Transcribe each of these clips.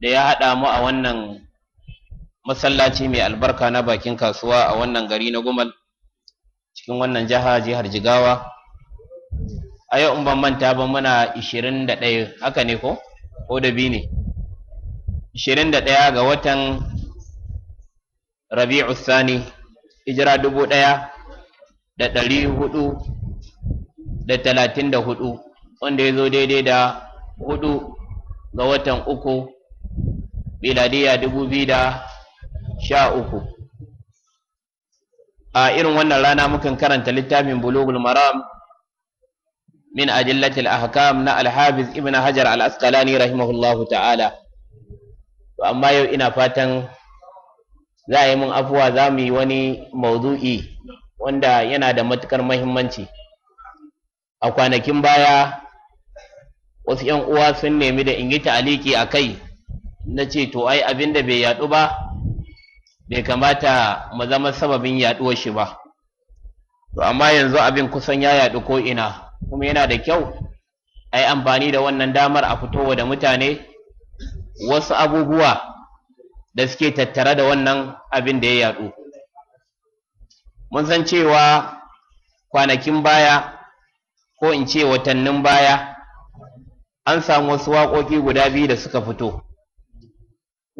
da ya haɗa mu a wannan masallaci mai albarka na bakin kasuwa a wannan gari na gumal cikin wannan jiha jihar jigawa a yau in ban manta ba muna 21 haka ne ko ko da bi ne 21 ga watan rabi'u sani hijira dubu ɗaya da ɗari hudu da talatin da hudu wanda ya zo daidai da hudu ga watan uku miladiya dubu biyu da sha uku a irin wannan rana mukan karanta littafin bulugul maram min ajillatil ahkam na alhafiz ibn hajar al-asqalani rahimahullahu ta'ala to amma yau ina fatan za a yi mun afuwa za mu yi wani maudu'i wanda yana da matukar mahimmanci a kwanakin baya wasu 'yan uwa sun nemi da in yi ta'aliki a kai na ce to ai abin da bai yaɗu ba bai kamata mu zama sababin yaɗuwar shi ba to amma yanzu abin kusan ya yadu ko ina kuma yana da kyau ai amfani da wannan damar a fitowa da mutane wasu abubuwa da suke tattare da wannan abin da ya yaɗu mun san cewa kwanakin baya ko in ce watannin baya an samu wasu waƙoƙi guda biyu da suka fito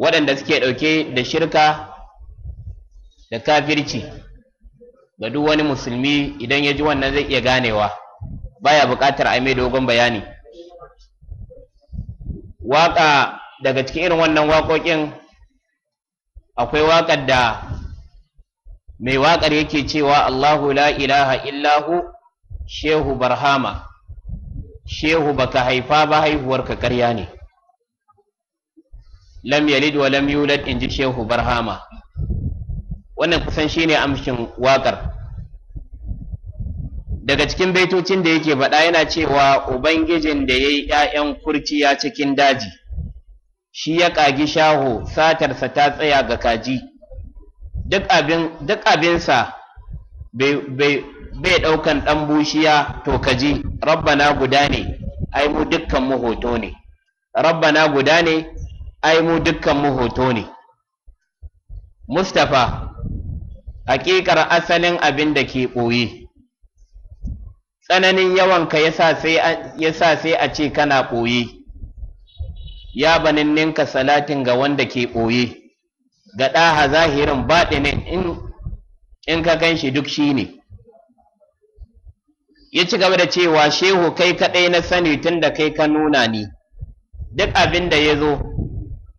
waɗanda suke ɗauke da shirka da kafirci ga duk wani musulmi idan ya ji wannan zai iya ganewa baya buƙatar a mai dogon bayani waƙa daga cikin irin wannan waƙoƙin akwai waƙar da mai waƙar yake cewa Allahu la ilaha illahu shehu barhama shehu baka haifa ba haihuwar ka ƙarya ne lam yalid wa lam yulad in ji shehu barhama wannan kusan shine amshin waƙar daga cikin baitocin da yake faɗa yana cewa ubangijin da ya yi ‘ya'yan kurciya cikin daji shi ya ƙagi shaho satarsa ta tsaya ga kaji duk abinsa bai ɗaukan ɗan bushiya to kaji rabbana guda ne ai mu dukkan mu hoto ne rabbana guda ne ai mu dukkan mu hoto ne Mustapha hakikar asalin abin da ke ɓoye tsananin yawanka ya sa sai a ce kana ɓoye ya banin ninka salatin ga wanda ke ɓoye ga ɗaha zahirin baɗinin in ka gan shi duk shi ne ya ci gaba da cewa shehu kai kaɗai na sani tunda kai ka nuna ni duk abin da ya zo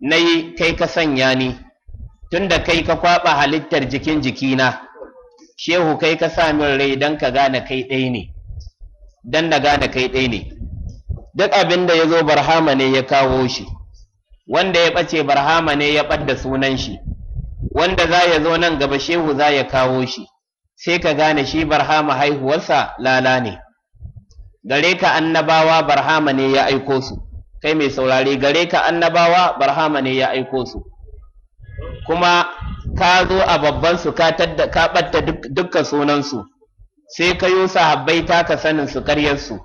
na yi kai ka sanya ni tunda kai ka kwaɓa halittar jikin jikina shehu kai ka sa min rai don ka gane kai ɗaya ne don na gane kai ɗaya ne duk abin da ya zo barhama ne ya kawo shi wanda ya ɓace barhama ne ya ɓadda sunan shi wanda za ya zo nan gaba shehu za ya kawo shi sai ka gane shi barhama haihuwarsa lala ne gare ka annabawa barhama ne ya aiko su kai mai saurare gare ka annabawa barhama ne ya aiko su kuma ka zo a babban su ka ɓatta dukkan sunansu sai ka yi sahabbai ka sanin su karyarsu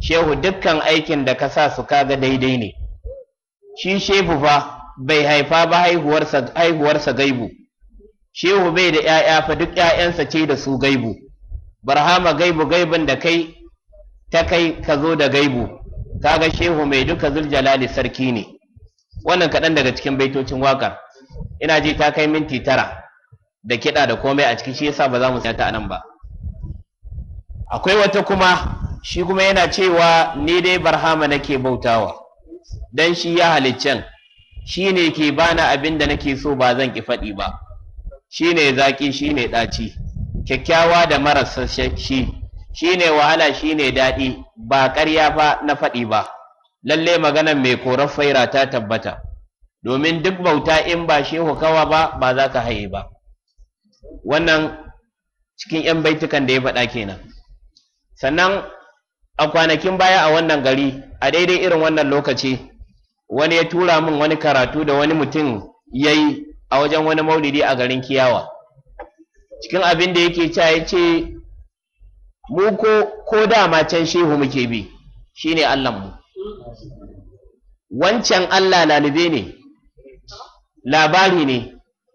shehu dukkan aikin da ka sa su kaga daidai ne shi shehu fa bai haifa ba haihuwarsa gaibu shehu bai da 'ya'ya fa duk 'ya'yansa ce da su gaibu barhama gaibu gaibin da kai ta kai ka zo da gaibu kaga shehu mai duka zuljalali sarki ne wannan kaɗan daga cikin baitocin waƙar ina ji ta kai minti tara da kiɗa da komai a ciki shi yasa ba za mu ta anan ba akwai wata kuma shi kuma yana cewa ni dai barhama nake bautawa dan shi ya haliccen shi ne ke bani abin da nake so ba zan ki faɗi ba shi ne zaƙi shi ne ɗaci kyakkyawa da marasa shi shine wahala shine daɗi ba ƙarya fa na faɗi ba lalle maganan mai korar faira ta tabbata domin duk bauta in ba shehu kawa ba ba za ka haye ba wannan cikin 'yan baitukan da ya faɗa kenan sannan a kwanakin baya a wannan gari a daidai irin wannan lokaci wani ya tura min wani karatu da wani mutum ya yi a wajen wani maulidi a garin kiyawa cikin abin da yake cewa ya ce mu ko ko dama can shehu muke bi shine mu. wancan Allah lalube ne labari ne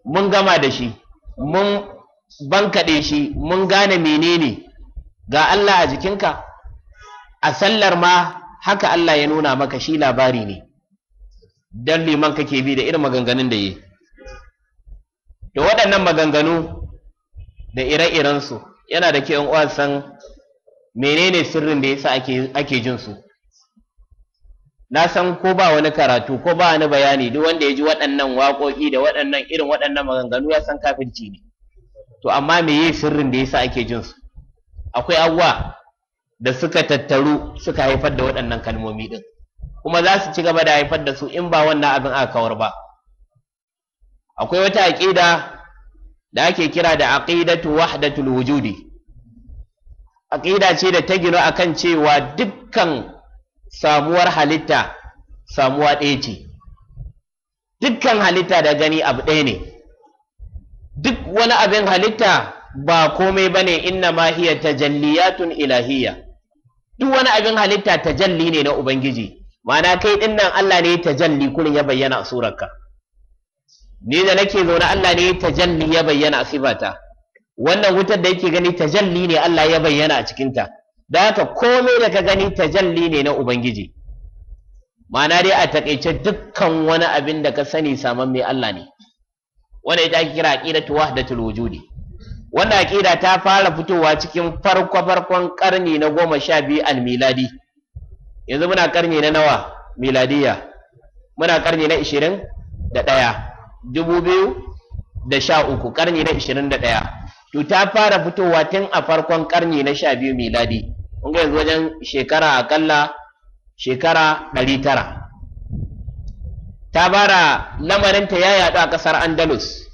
mun gama da shi mun bankaɗe shi mun gane menene ga Allah a jikinka a sallar ma haka Allah ya nuna maka shi labari ne don liman kake bi da irin maganganun da yi da waɗannan maganganu da ire-irensu yana da ke san menene sirrin da yasa ake ake jin su na san ko ba wani karatu ko ba wani bayani duk wanda ya ji waɗannan waƙoƙi da waɗannan irin waɗannan maganganu ya san kafirci ne to amma me yi sirrin da yasa ake jin su akwai abubuwa da suka tattaru suka haifar da waɗannan kalmomi ɗin, kuma za su ci gaba da haifar da su in ba wannan abin aka kawar ba akwai wata aqida da ake kira da aqidatu wahdatul wujudi aƙida ce da ta gino akan cewa dukkan samuwar halitta samuwa ɗaya ce dukkan halitta da gani abu ɗaya ne duk wani abin halitta ba komai ba ne inna ma hiya tajalliyatun ilahiyya duk wani abin halitta tajalli ne na ubangiji ma'ana kai ɗinnan nan Allah ne tajalli kullum ya bayyana a surarka ni da nake zaune Allah ne tajalli ya bayyana a sifata wannan wutar da yake gani tajalli ne Allah ya bayyana a cikinta da haka komai da ka gani tajalli ne na ubangiji ma'ana dai a taƙaice dukkan wani abin da ka sani saman mai Allah ne wanda ita ake kira aqidatu wahdatul wujudi wannan aqida ta fara fitowa cikin farko farkon karni na goma sha biyu miladi. yanzu muna karni na nawa miladiya muna karni na ishirin da ɗaya dubu biyu da sha uku karni na ishirin da ɗaya to ta fara fitowa tun a farkon karni na sha biyu miladi kun yanzu wajen shekara akalla shekara ɗari tara ta fara lamarinta ya yaɗu a ƙasar andalus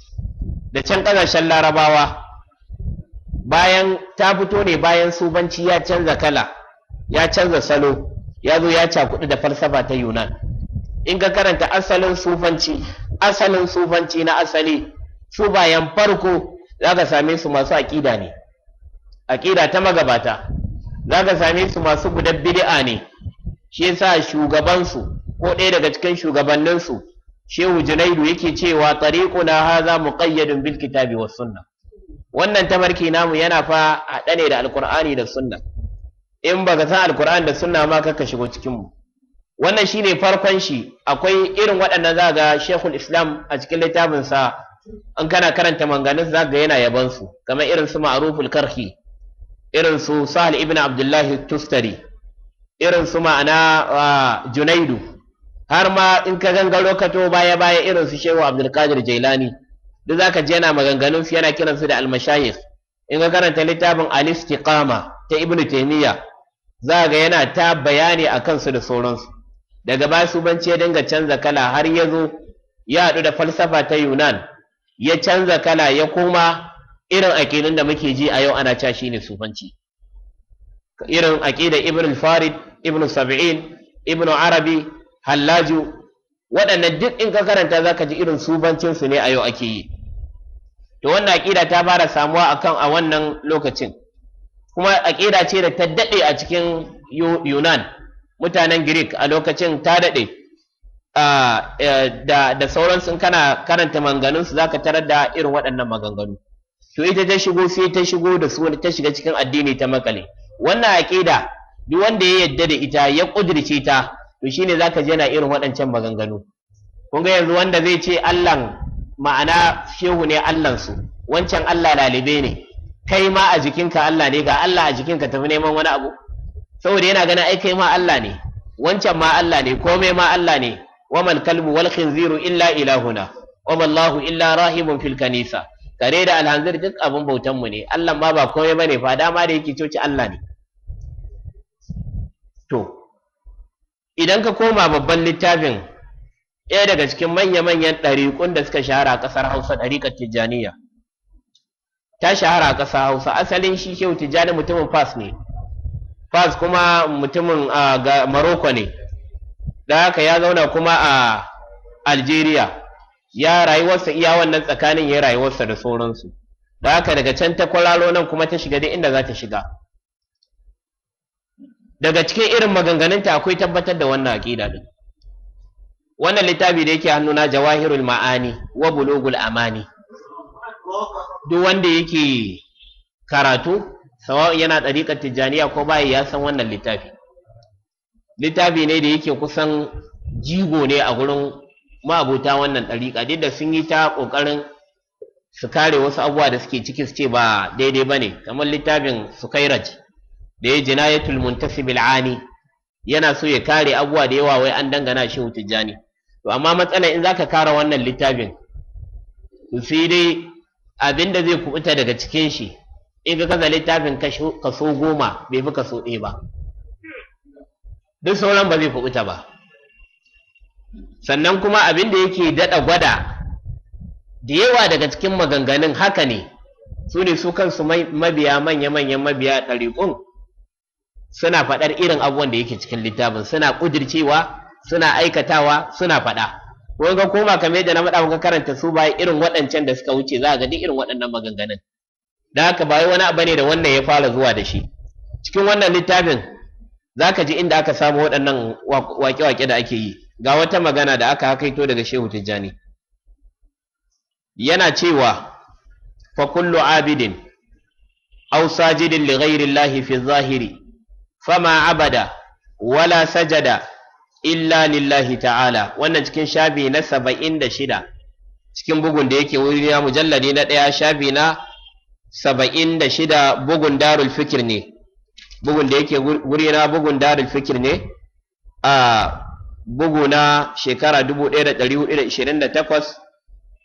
da can ƙasashen larabawa bayan ta fito ne bayan subanci ya canza kala ya canza salo ya zo ya cakudu da falsafa ta yunan in ka karanta asalin sufanci asalin sufanci na asali su bayan farko za ka same su masu aƙida ne aƙida ta magabata za ka same su masu gudan bid'a ne shi yasa shugabansu ko ɗaya daga cikin shugabanninsu shehu junaidu yake cewa tariquna haza muqayyadun bil kitabi was sunna wannan tamarki namu yana fa haɗa ne da alkur'ani da sunna in baka san alkur'ani da sunna ma kaka shigo cikin mu wannan shine farkon shi akwai irin waɗannan zaga shekul islam a cikin littafin sa an kana karanta manganin za ga yana yaban kamar irin su ma'ruful karhi irin su sahal ibn abdullahi tustari irin su ma'ana junaidu har ma in ka gangaro ka to baya baya irin su shehu abdulkadir jailani duk za ka je yana maganganun su yana kiran su da almashayikh in ka karanta littafin al ta ibn taimiyya za ga yana ta bayani a kansu da sauransu daga basu su bance dinga canza kala har ya zo ya haɗu da falsafa ta yunan ya canza kala ya koma irin aƙidun da muke ji a yau ana cewa shine sufanci irin aƙida ibn farid ibn sab'in ibn arabi hallaju waɗannan duk in ka karanta zaka ji irin sufancin su ne a yau ake yi to wannan aƙida ta fara samuwa akan a wannan lokacin kuma aƙida ce da ta daɗe a cikin yunan mutanen greek a lokacin ta daɗe Ah, eh, da da sauransu in kana karanta manganun su zaka tarar da irin waɗannan maganganu to ita ta shigo sai ta shigo da su ta shiga cikin addini ta makale wannan aqida duk wanda ya yadda da ita ya kudirce ta to shine zaka je na irin waɗancan maganganu kun ga yanzu wanda zai ce Allah ma'ana shehu ne Allah wancan Allah lalibe ne kai ma a jikinka Allah ne ga Allah a jikinka tafi neman wani abu saboda yana ganin ai kai ma Allah ne wancan ma Allah ne komai ma Allah ne wamal kalbu wal khinziru illa ilahuna wama Allahu illa rahibun fil kanisa kare da alhanzir duk abin bautan mu ne Allah ma ba komai bane fa dama da yake coci Allah ne to idan ka koma babban littafin ɗaya daga cikin manya-manyan ɗariƙun da suka shahara a ƙasar Hausa ɗariƙar Tijjaniya ta shahara a ƙasa Hausa asalin shi Shehu Tijjani mutumin Fas ne Fas kuma mutumin Maroko ne da haka ya zauna kuma a Algeria ya rayuwarsa iya wannan tsakanin ya rayuwarsa da sauransu da haka daga can ta kwararo nan kuma ta shiga duk inda za ta shiga daga cikin irin maganganunta akwai tabbatar da wannan aƙida din wannan littafi da yake hannuna jawahirul ma'ani wa bulugul amani duk wanda yake karatu sawa'un yana ɗariƙar tijjaniya ko baya ya san wannan littafi littafi ne da yake kusan jigo ne a gurin ma'abuta wannan ɗariƙa duk da sun yi ta ƙoƙarin su kare wasu abubuwa da suke ciki su ce ba daidai ba ne kamar littafin sukairaj da ya ya tulmunta ani yana so ya kare abubuwa da yawa wai an dangana shi tijjani to amma matsala in zaka kara wannan littafin to sai dai abin da zai kubuta daga cikin shi in ka kaza littafin kaso goma bai fi kaso ɗaya ba duk sauran ba zai kubuta ba sannan kuma abin da yake daɗa gwada da yawa daga cikin maganganun haka ne su ne su kansu mabiya manya-manyan mabiya ɗariƙun suna faɗar irin abubuwan da yake cikin littafin suna ƙudircewa suna aikatawa suna faɗa wani ga koma kame da na maɗa ka karanta su ba irin waɗancan da suka wuce za a ga irin waɗannan maganganun da haka ba wani abu ne da wannan ya fara zuwa da shi cikin wannan littafin Za ka ji inda aka samu waɗannan waƙe-waƙe da ake yi ga wata magana da aka hakaito daga Shehu Tijjani yana cewa fa abidin aw sajidin li ghayri zahiri fama abada wala sajada illa lillahi ta'ala wannan cikin shafi na saba'in da shida cikin bugun da yake wuri na mujalladi na ɗaya shafi na saba'in da shida bugun darul fikir ne bugun da yake wuri na bugun darul fikir ne a bugu na shekara 1428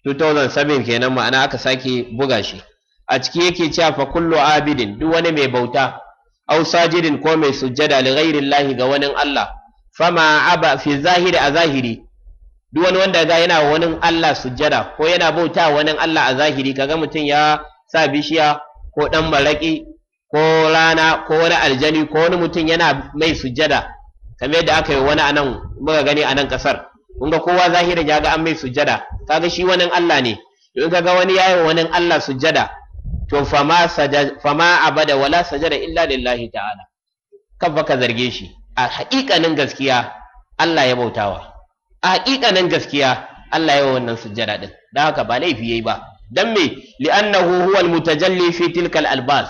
2007 kenan ma'ana aka sake buga shi a ciki yake cewa fa kullu abidin duk wani mai bauta aw sajidin ko mai sujjada li ghairillahi ga wani Allah fama aba fi zahiri a zahiri duk wani wanda ga yana wani Allah sujjada ko yana bauta wani Allah a zahiri kaga mutum ya sa bishiya ko dan maraki ko rana ko wani aljani ko wani mutum yana mai sujada kamar yadda aka yi wani anan muka gani a nan kasar kun ga kowa zahiri ya ga an mai sujjada kaga shi wani Allah ne to in kaga wani yayi wani Allah sujjada to fama sajada fama abada wala sajada illa lillahi ta'ala kan baka zarge shi a haƙiƙanin gaskiya Allah ya bautawa a haƙiƙanin gaskiya Allah ya wa wannan sujjada din dan haka ba laifi yayi ba dan me li'annahu huwal mutajalli fi tilkal albas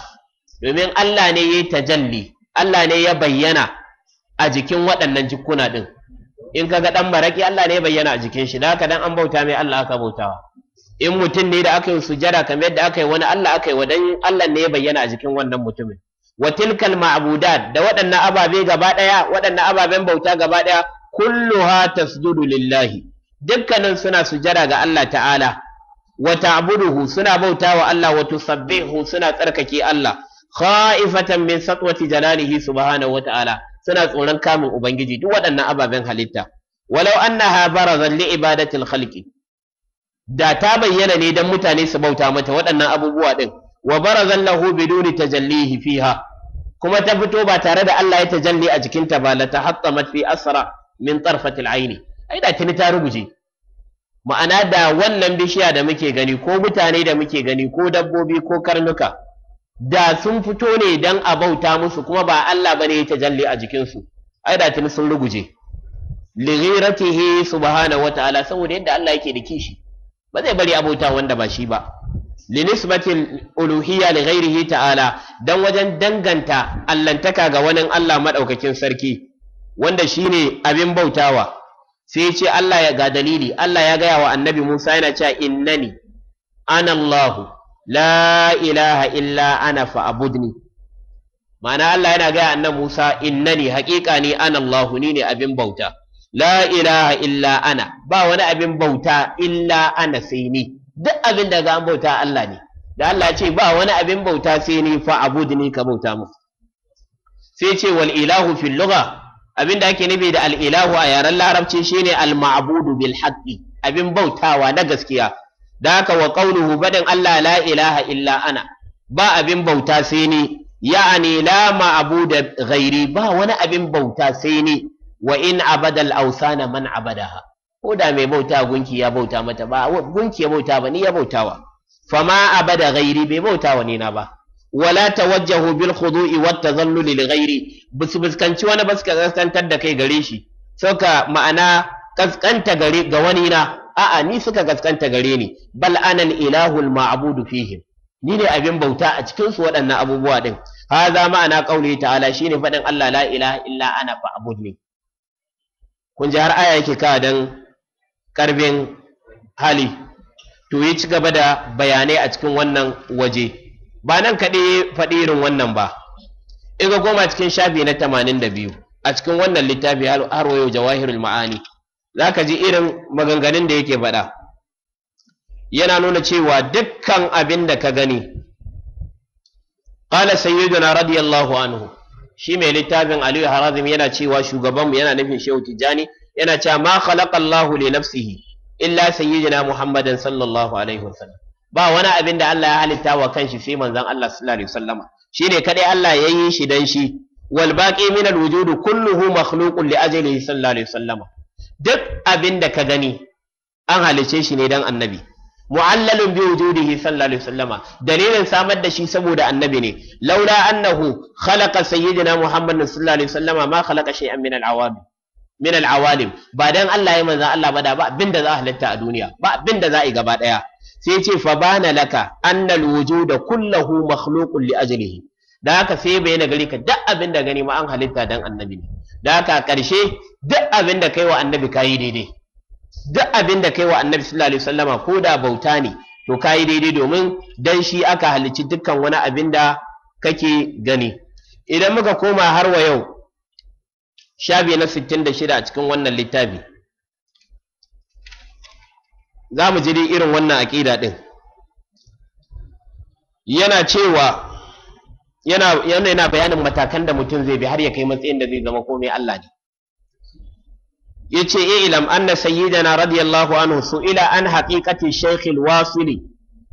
domin Allah ne ya yi tajalli Allah ne ya bayyana a jikin waɗannan jikuna ɗin in ka ga ɗan maraƙi Allah ne ya bayyana a jikin shi da haka dan an bauta mai Allah aka bautawa in mutum ne da aka yi sujada kamar yadda aka yi wani Allah aka yi wadan Allah ne ya bayyana a jikin wannan mutumin wa tilkal ma'budat da waɗannan ababe gaba ɗaya waɗannan ababen bauta gaba ɗaya kulluha tasjudu lillahi dukkanin suna sujada ga Allah ta'ala wa ta'buduhu suna bautawa Allah wa tusabbihu suna tsarkake Allah khaifatan min satwati jalalihi subhanahu ta'ala suna tsoron kamun ubangiji duk waɗannan ababen halitta walau annaha barazan li ibadatil khalqi da ta bayyana ne dan mutane su bauta mata waɗannan abubuwa din wa barazan lahu biduni tajallihi fiha kuma ta fito ba tare da Allah ya tajalli a jikinta ba la tahattamat fi asra min tarfatil aini ai da tuni ta ruguje ma'ana da wannan bishiya da muke gani ko mutane da muke gani ko dabbobi ko karnuka da sun fito ne don a bauta musu kuma ba Allah ba ne ya tajalli a jikinsu ai da tuni sun ruguje lighiratihi subhanahu wataala saboda yadda Allah yake da kishi ba zai bari abota wanda ba shi ba linisbatin uluhiyya li ghairihi ta'ala don wajen danganta allantaka ga wani Allah maɗaukakin sarki wanda shine abin bautawa sai ce Allah ya ga dalili Allah ya gaya wa annabi Musa yana cewa innani anallahu Allahu la ilaha illa ana fa'budni ma'ana Allah yana gaya annabi Musa innani haƙiƙa ni ana Allah ni ne abin bauta la ilaha illa ana ba wani abin bauta illa ana sai ni duk abin da an bauta Allah ne da Allah ce ba wani abin bauta sai ni fa abudni ka bauta mu sai ce wal ilahu fil lugha abin da ake nufi da al'ilahu a yaren larabci shine al ma'budu bil abin bautawa na gaskiya da haka wa ƙaunuhu badin Allah la ilaha illa ana ba abin bauta sai ni ya'ani la ma'buda ghairi ba wani abin bauta sai ni wa in abadal ausana man abadaha ko da mai bauta gunki ya bauta mata ba gunki ya bauta ba ni ya bautawa fama abada ghairi bai bautawa ni na ba wala tawajjahu bil khudu'i wat tazalluli li ghairi bisu biskanci wani ba suka kaskantar da kai gare shi suka ma'ana kaskanta gare ga wani na a'a ni suka gaskanta gare ni bal anal ilahul ma'budu fihim ni ne abin bauta a cikin su waɗannan abubuwa din Ha! za ma'ana qauli ta'ala shine faɗin Allah la ilaha illa ana fa'budni kun ji har aya yake ka dan karbin hali to ya ci gaba da bayanai a cikin wannan waje ba nan kaɗai faɗi irin wannan ba in ga goma cikin shafi na 82 a cikin wannan littafi har waya jawahirul ma'ani za ka ji irin maganganun da yake faɗa yana nuna cewa dukkan abin da ka gani ƙala sayyiduna radiyallahu anhu shi mai littafin aliyu harazim yana cewa shugabanmu yana nufin shehu tijjani yana cewa ma khalaqallahu li nafsihi illa sayyidina muhammadin sallallahu alaihi wasallam ba wani abin da Allah ya halitta wa kanshi sai manzon Allah sallallahu alaihi wasallama shine kadai Allah ya yi shi dan shi wal baqi min al wujud kulluhu makhluqun li ajlihi sallallahu alaihi wasallama duk abin da ka gani an halice shi ne don annabi mu'allalun bi wujudihi sallallahu alaihi wasallama dalilin samar da shi saboda annabi ne laula annahu khalaqa sayyidina muhammadin sallallahu alaihi wasallama ma khalaqa shay'an min al min ba dan Allah ya manzan Allah ba da ba abinda za a halitta a duniya ba abinda za a yi gaba daya sai ce fa bana laka annal da kullahu makhluqun li ajlihi da haka sai bayyana gari ka duk abinda gani ma an halitta dan annabi ne da haka karshe duk abin da kai wa annabi kayi daidai duk abin da kai wa annabi sallallahu alaihi wasallama ko da bauta ne to kayi daidai domin dan shi aka halicci dukkan wani abin da kake gani idan muka koma har wa yau shabi na 66 a cikin wannan littafi za mu ji irin wannan aƙida ɗin yana cewa yana yana bayanin matakan da mutum zai bi har ya kai matsayin da zai zama komai Allah ne yace eh, ilam anna sayyidana radiyallahu anhu su'ila an haqiqati shaykh al-wasili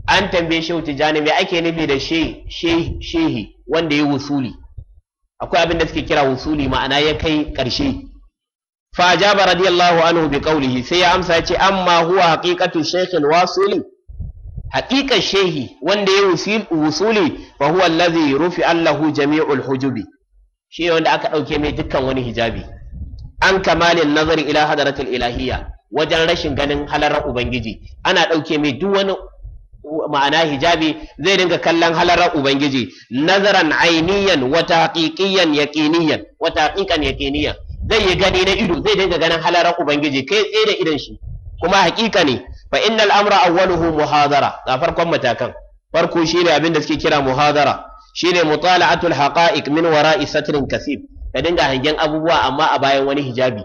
an tambaye shehu tijani me ake nufi da shehi wanda ya wusuli akwai abin da suke kira wusuli ma'ana ya kai karshe fa ajaba radiyallahu anhu bi qawlihi sai ya amsa yace amma huwa haqiqatu shaykh al-wasili haqiqa shehi wanda ya wusuli fa huwa allazi rufi allahu jami'ul hujubi shi wanda aka dauke mai dukkan wani hijabi an kamalin nazari ila hadaratul ilahiyya wajen rashin ganin halarar ubangiji ana ɗauke mai duk wani ma'ana hijabi zai dinga kallon halarar ubangiji nazaran ainiyan wata taqiqiyan yaqiniyan yaqiniyan zai yi gani na ido zai dinga ganin halarar ubangiji kai tsaye da idan shi kuma haƙiƙa ne fa innal amra awwaluhu muhadara na farkon matakan farko shine abin da suke kira muhadara shine mutala'atul haqa'iq min wara'i satrin kasib ka dinga hangen abubuwa amma a bayan wani hijabi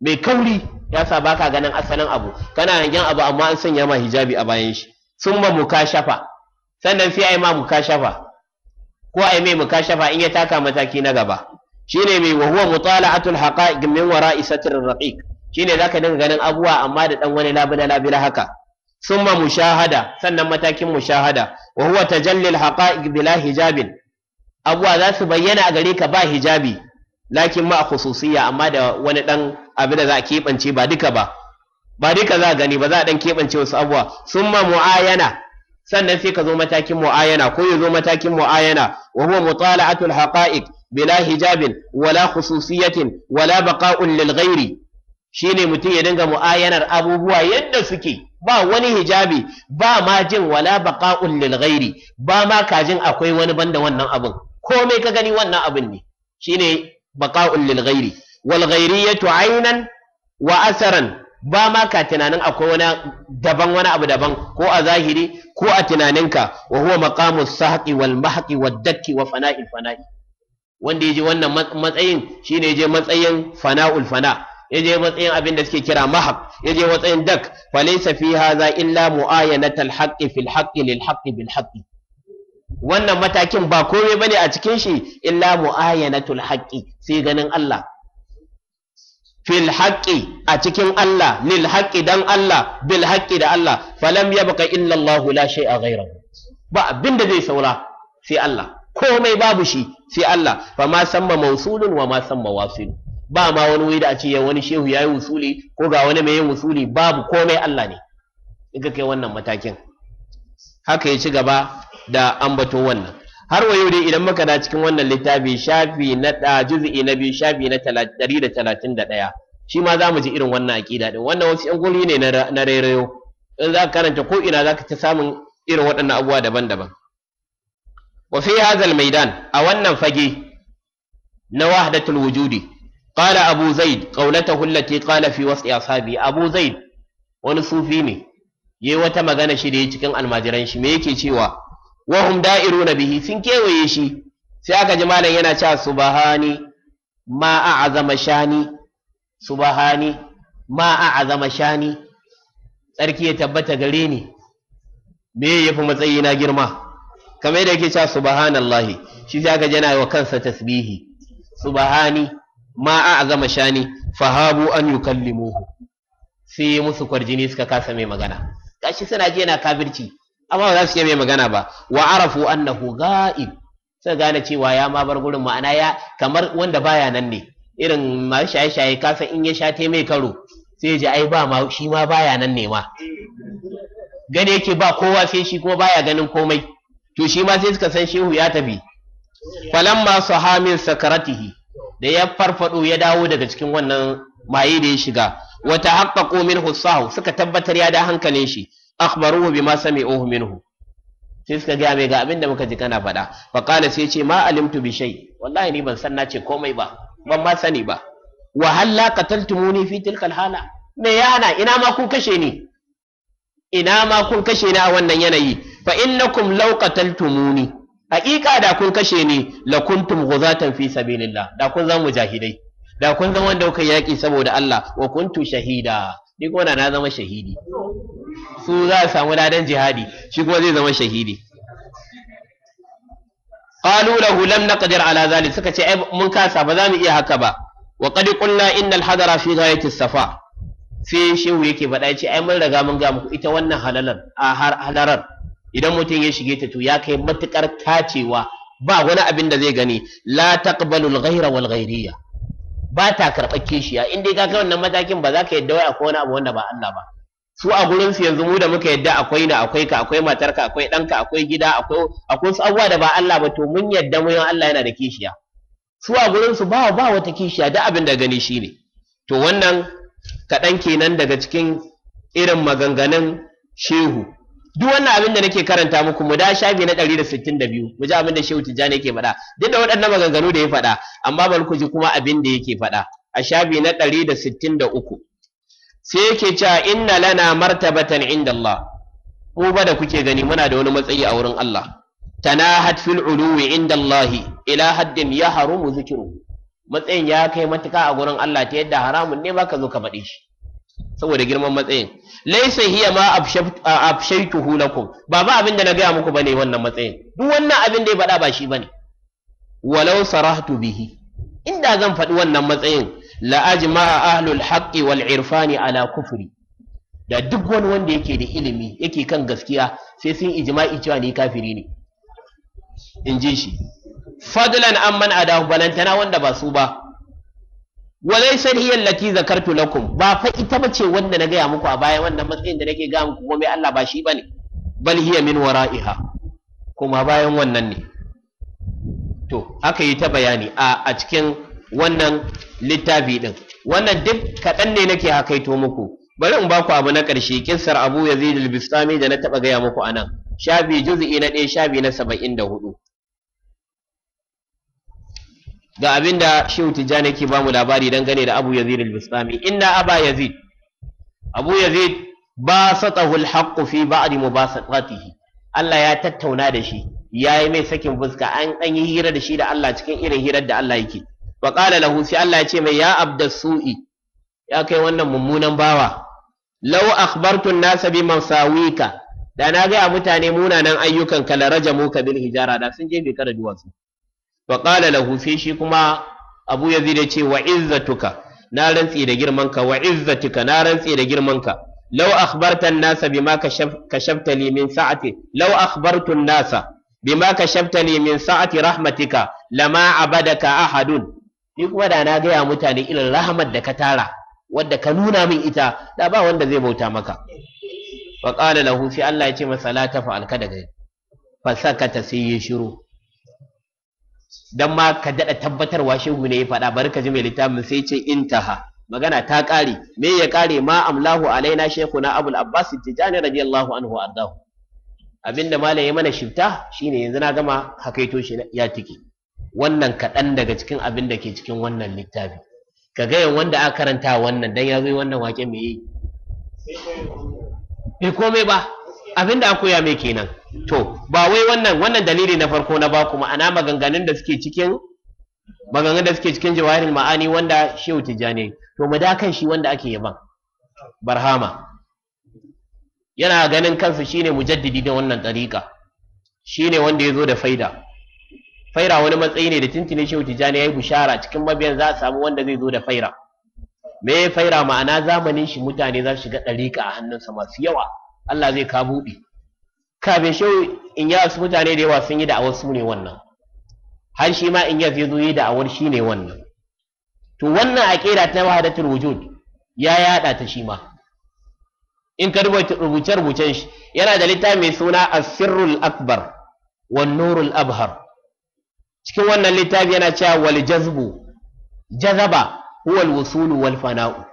mai kauri ya sa baka ganin asalin abu kana hangen abu amma an sanya ma hijabi a bayan shi sun ma mukashafa sannan sai ai ma mukashafa ko ai mai mukashafa in ya taka mataki na gaba shine mai wa huwa mutala'atul haqa'iq min wara'i satrir raqiq shine zaka dinga ganin abubuwa amma da dan wani labula labila haka summa mushahada sannan matakin mushahada wa huwa tajallil haqa'iq bila hijabin abuwa za su bayyana a gare ka ba hijabi lakin ma a khususiyya amma da wani dan abu da za a keɓance ba duka ba ba duka za a gani ba za a dan keɓance wasu abuwa summa muayana sannan sai ka zo matakin muayana ko ya zo matakin muayana wa huwa mutala'atul haqa'iq bila hijabin wala khususiyatin wala baqa'un lil ghairi shine mutum ya dinga muayanar abubuwa yadda suke ba wani hijabi ba ma jin wala baqa'un lil ghairi ba ma kajin akwai wani banda wannan abun komai ka gani wannan abun ne shine baqa'un lil ghairi wal wa asaran ba ma ka tunanin akwai wani abu daban ko a zahiri ko a tunaninka wa huwa maqamus sahqi wal mahqi wad dakki fana'i fana'i wanda wannan matsayin shine yaje matsayin fana'ul fana yaje matsayin abin da suke kira mahaq yaje matsayin dak falaysa fi hadha illa mu'ayanatal haqqi fil haqqi lil haqqi wannan matakin ba komai ne a cikin shi illa mu'ayyanatul haqqi sai ganin Allah fil haqqi a cikin Allah lil haqqi dan Allah bil haqqi da Allah falam yabqa illa Allah la shay'a ghayrahu ba abinda zai saura sai Allah komai babu shi sai Allah fa ma samma mawsulun wa ma samma wasil ba ma wani wuri da a ce wani shehu yayi wusuli ko ga wani mai yin wusuli babu komai Allah ne in ka kai wannan matakin haka ya ci gaba da ambaton wannan har wa yau dai idan muka da cikin wannan littafi shafi na da juz'i na biyu shafi na 131 shi ma za mu ji irin wannan aqida din wannan wasu yan guri ne na rairayo in za ka karanta ko ina za ka ta samun irin waɗannan abubuwa daban-daban wa fi hazal maidan a wannan fage na wahdatul wujudi qala abu zaid qawlatahu allati qala fi was'i ashabi abu zaid wani sufi ne yayi wata magana shi da cikin almajiran shi me yake cewa wa hum da'iruna bihi sun kewaye shi sai aka ji malam yana cewa subhani ma a'azama shani subhani ma a'azama shani tsarki ya tabbata gare ni me yafi matsayi na girma kamar yadda yake cewa subhanallahi shi sai aka ji yana wa kansa tasbihi subhani ma a'azama shani fahabu an yukallimuhu sai musu kwarjini suka kasa mai magana gashi suna ji yana kafirci amma ba za su iya mai magana ba wa arafu annahu ga'ib sai gane cewa ya ma bar gurin ma'ana ya kamar wanda baya nan ne irin ma shaye shaye kasa in ya sha mai karo sai ya ji ai ba ma shi ma baya nan ne ma gane yake ba kowa sai shi kuma baya ganin komai to shi ma sai suka san shehu ya tafi masu sahamin sakaratihi da ya farfado ya dawo daga cikin wannan maye da ya shiga wata haƙaƙo min hussahu suka tabbatar ya da hankalin shi akhbaruhu bima sami'uhu minhu sai suka gaya mai ga abin da muka ji kana faɗa fa qala sai ce ma alimtu bi shay wallahi ni ban san na ce komai ba ban ma sani ba wa hal la qataltumuni fi tilka hala me yana ina ma kun kashe ni ina ma kun kashe ni a wannan yanayi fa innakum law qataltumuni haƙiƙa da kun kashe ni la kuntum ghuzatan fi sabilillah da kun zama mujahidai da kun zama wanda kuka yaƙi saboda Allah wa kuntu shahida ni kuma na zama shahidi su za a samu ladan jihadi shi kuma zai zama shahidi qalu lahu lam naqdir ala zalik suka ce ai mun kasa ba za mu iya haka ba wa qad qulna innal hadara fi ghayati safa sai shehu yake faɗa yace ai mun riga mun ga muku ita wannan halalar a halarar idan mutum ya shige ta to ya kai matukar tacewa ba wani abin da zai gani la taqbalu al-ghayra wal ghayriyya ba ta karɓar kishiya in dai ka kai wannan matakin ba za ka yadda wai akwai wani abu wanda ba Allah ba su a gurin su yanzu mu da muka yadda akwai na akwai ka akwai matar ka, akwai ka, akwai gida akwai akwai su abubuwa da ba Allah ba to mun yadda mu Allah yana da kishiya su a gurin su ba ba wata kishiya da abin da gani shine to wannan kaɗan kenan daga cikin irin maganganun shehu duk wannan abin da nake karanta muku mu da shafi na 162 mu ji abin da Shehu Tijjani yake faɗa duk da waɗannan maganganu da ya faɗa amma bal ku ji kuma abin da yake faɗa a shafi na 163 sai yake cewa inna lana martabatan inda Allah mu ba da kuke gani muna da wani matsayi a wurin Allah tanahat fil uluwi inda Allah ila haddin ya harumu zikiru matsayin ya kai matuka a gurin Allah ta yadda haramun ne ma ka zo ka faɗi shi saboda girman matsayin laisa hiya ma abshaytuhu lakum ba ba abin da na gaya muku bane wannan matsayin duk wannan abin da ya faɗa ba shi bane walau sarahtu bihi inda zan faɗi wannan matsayin la ajma'a ahlul haqqi wal irfani ala kufri da duk wani wanda yake da ilimi yake kan gaskiya sai sun ijma'i cewa ni kafiri ne in ji shi fadlan amman adahu balantana wanda ba su ba wa laysa Latiza allati zakartu lakum ba fa ita bace wanda na gaya muku a baya wannan matsayin da nake ga muku kuma mai Allah ba shi bane bal hiya min wara'iha kuma bayan wannan ne to aka yi ta bayani a a cikin wannan littafi din wannan duk kaɗan ne nake hakaito muku bari in ba ku abu na ƙarshe Kinsar Abu Yazid al-Bistami da na taɓa gaya muku anan shafi juz'i na ɗaya shafi na saba'in da hudu. ga abinda Shehu Tijjani yake ba mu labari dangane da Abu Yazid al inna Aba Yazid Abu Yazid basatahu al-haqqu fi ba'd mubasatatihi Allah ya tattauna da shi yayi mai sakin fuska an dan yi hira da shi da Allah cikin irin hirar da Allah yake wa qala lahu sai Allah ya ce mai ya abdas su'i ya kai wannan mummunan bawa law akhbartu an-nasa bi masawika da na ga mutane munanan ayyukan ka la rajamu ka bil hijara da sun je bai kada duwatsu wa qala lahu shi kuma abu yazid ya ce wa izzatuka na rantsi da girmanka wa izzatika na rantsi da girmanka law nasa bima kashafta li min sa'ati nasa bima kashafta li min sa'ati rahmatika lama abadaka ahadun ni kuma da na gaya mutane irin rahmat da ka tara wadda ka nuna min ita da ba wanda zai bauta maka fa qala lahu Allah ya ce masa la tafa'al kada gai fa sakata sai ya shiru dan ma ka daɗa tabbatarwa shehu ne ya faɗa bari ka ji mai littafin sai ce intaha magana ta ƙare me ya ƙare ma amlahu alaina na abul abbas tijani radiyallahu anhu ardahu abinda malam ya mana shifta shine yanzu na gama hakaito shi ya tike. wannan kaɗan daga cikin abin da ke cikin wannan littafi ka gayan wanda aka karanta wannan dan ya zo wannan wake me yi bai komai ba abinda aka koya mai kenan to ba wai wannan wannan dalili na farko na ba kuma ana maganganun da suke cikin maganganun da suke cikin jawahirin ma'ani wanda shehu tijani to mu da kan shi wanda ake yaban barhama yana ganin kansa shine mujaddidi da wannan tariqa shine wanda ya zo da faida faira wani matsayi ne da tintine shehu tijjani yayi bushara cikin mabiyan za a samu wanda zai zo da faira me faira ma'ana zamanin shi mutane za su shiga dariƙa a hannunsa masu yawa Allah zai ka buɗe kafin shehu in yi su mutane da yawa sun yi da'awar su ne wannan har shi ma in ya zo yi da'awar shi ne wannan to wannan aqida ta wahdatul wujud ya yada ta shi ma in ka rubuce rubucen shi yana da littafi mai suna asirrul akbar wan nurul abhar cikin wannan littafi yana cewa wal jazbu jazaba huwa al wusulu wal fana'u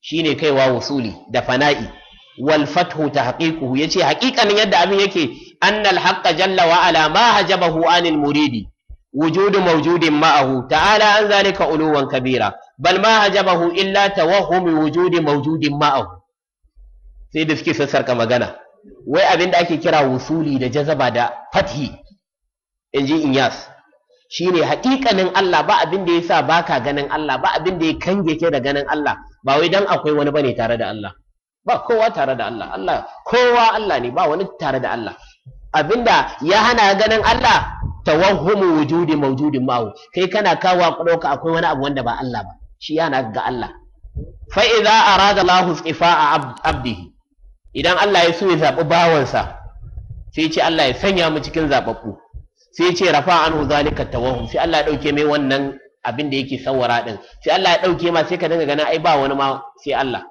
shine kaiwa wusuli da fana'i wal fathu tahqiquhu yace haƙiƙanin yadda abin yake annal haqqa jalla wa ala ma hajabahu anil muridi wujudu mawjudin ma'ahu ta'ala an zalika uluwan kabira bal ma hajabahu illa tawahhum wujudi mawjudin ma'ahu sai da suke sassarka magana wai abin da ake kira wusuli da jazaba da fathi inji inyas shine haƙiƙanin Allah ba abin da yasa baka ganin Allah ba abin da ya kange ke da ganin Allah ba wai dan akwai wani bane tare da Allah ba kowa tare da Allah Allah kowa Allah ne ba wani tare da Allah abinda ya hana ganin Allah tawahumu wujudi mawjudin ma'u kai kana kawa kudoka akwai wani abu wanda ba Allah ba shi yana ga Allah fa idza arada Allah istifa'a abdihi idan Allah ya so ya zabi bawansa sai ce Allah ya sanya mu cikin zababbu sai ce rafa anhu zalika tawahum sai Allah ya dauke mai wannan abin da yake sawara din sai Allah ya dauke ma sai ka dinga ganin ai ba wani ma sai Allah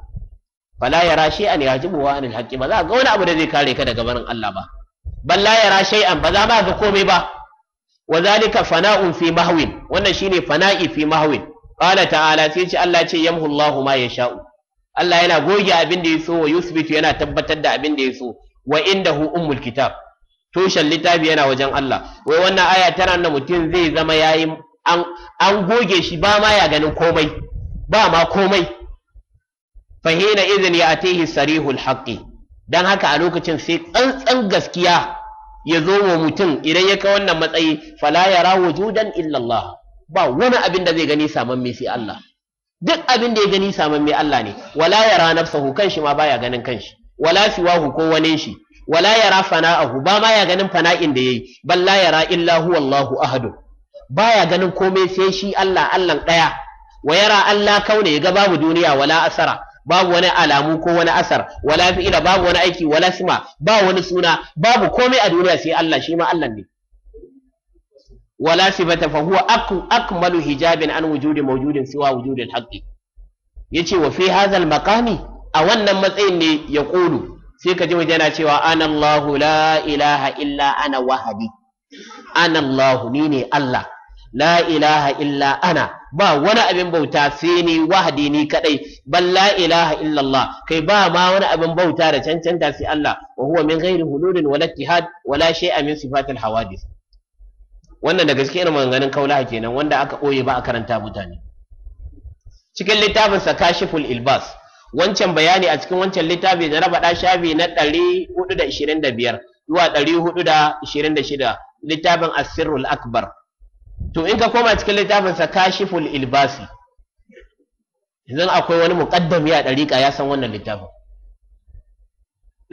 fala yara shay'an yajibu wa anil haqqi za ga wani abu da zai kare ka daga barin Allah ba balla yara shay'an ba za ma ga komai ba Wazalika zalika fana'un fi mahwin wannan shine fana'i fi mahwin ta'ala sai ce Allah ce yamhu Allahu ya sha'u.' Allah yana goge abin da ya so wa yusbitu yana tabbatar da abin da so, wa indahu ummul kitab tushen littafi yana wajen Allah wai wannan aya tana da mutum zai zama yayi an goge shi ba ma ya ganin komai ba ma komai fahina izin ya atihi sarihul haqqi dan haka a lokacin sai tsantsan gaskiya ya zo wa mutum idan ya kai wannan matsayi fala yara wujudan illa Allah ba wani abin da zai gani saman mai sai Allah duk abin da ya gani saman mai Allah ne wala yara nafsahu kanshi ma baya ganin kanshi wala siwahu ko wani shi wala yara fana'ahu ba ma ya ganin fana'in da yayi bal la yara illa huwa Allahu baya ganin komai sai shi Allah Allah daya wa yara Allah kaune ya ga babu duniya wala asara babu wani alamu ko wani asar wala fi'ila babu wani aiki wala sima ba wani suna babu komai a duniya sai Allah shi ma Allah ne wala sifata fa huwa akmalu hijabin an wujudi mawjudin siwa wujudil haqqi yace wa fi hadha maqami a wannan matsayin ne ya kulu sai ka ji waje yana cewa ana Allah la ilaha illa ana wahadi ana Allah ni ne Allah la ilaha illa ana ba wani abin bauta sai ni wahadi ni kadai bal la ilaha illallah kai ba ma wani abin bauta da cancanta sai Allah wa huwa min ghairi hududin wala ittihad wala shay'a min sifatil hawadith wannan daga cikin irin maganganun kaulaha kenan wanda aka ɓoye ba a karanta mutane cikin littafin sa kashiful ilbas wancan bayani a cikin wancan littafi da raba da shafi na 425 zuwa 426 littafin asirul akbar to in ka koma cikin littafin sa kashiful ilbasi idan akwai wani muqaddami a dariƙa ya san wannan littafin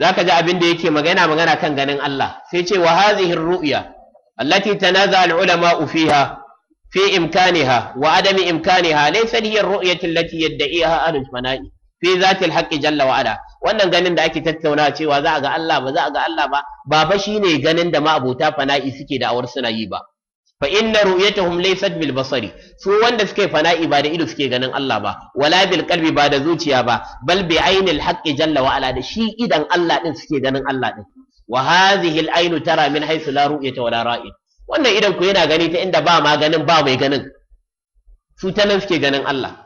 zaka ji abin da yake magana magana kan ganin Allah sai ce wa hadhihi ru'ya allati tanaza al ulama fiha fi imkaniha wa adami imkaniha laysa hiya ar-ru'yati allati yad'iha ahlul fana'i fi zati al-haqqi jalla wa ala wannan ganin da ake tattauna cewa za a ga Allah ba za a ga Allah ba baba shine ganin da ma'abota fana'i suke da awar suna yi ba fa inna ru'yatuhum laysat bil basari su wanda suke fana'i ba da ido suke ganin Allah ba wala bil qalbi ba da zuciya ba bal bi ainil haqqi jalla wa ala da shi idan Allah din suke ganin Allah din wa hadhihi al ainu tara min haythu la ru'yata wala wannan idan ku yana gani ta inda ba ma ganin ba mai ganin su ta nan suke ganin Allah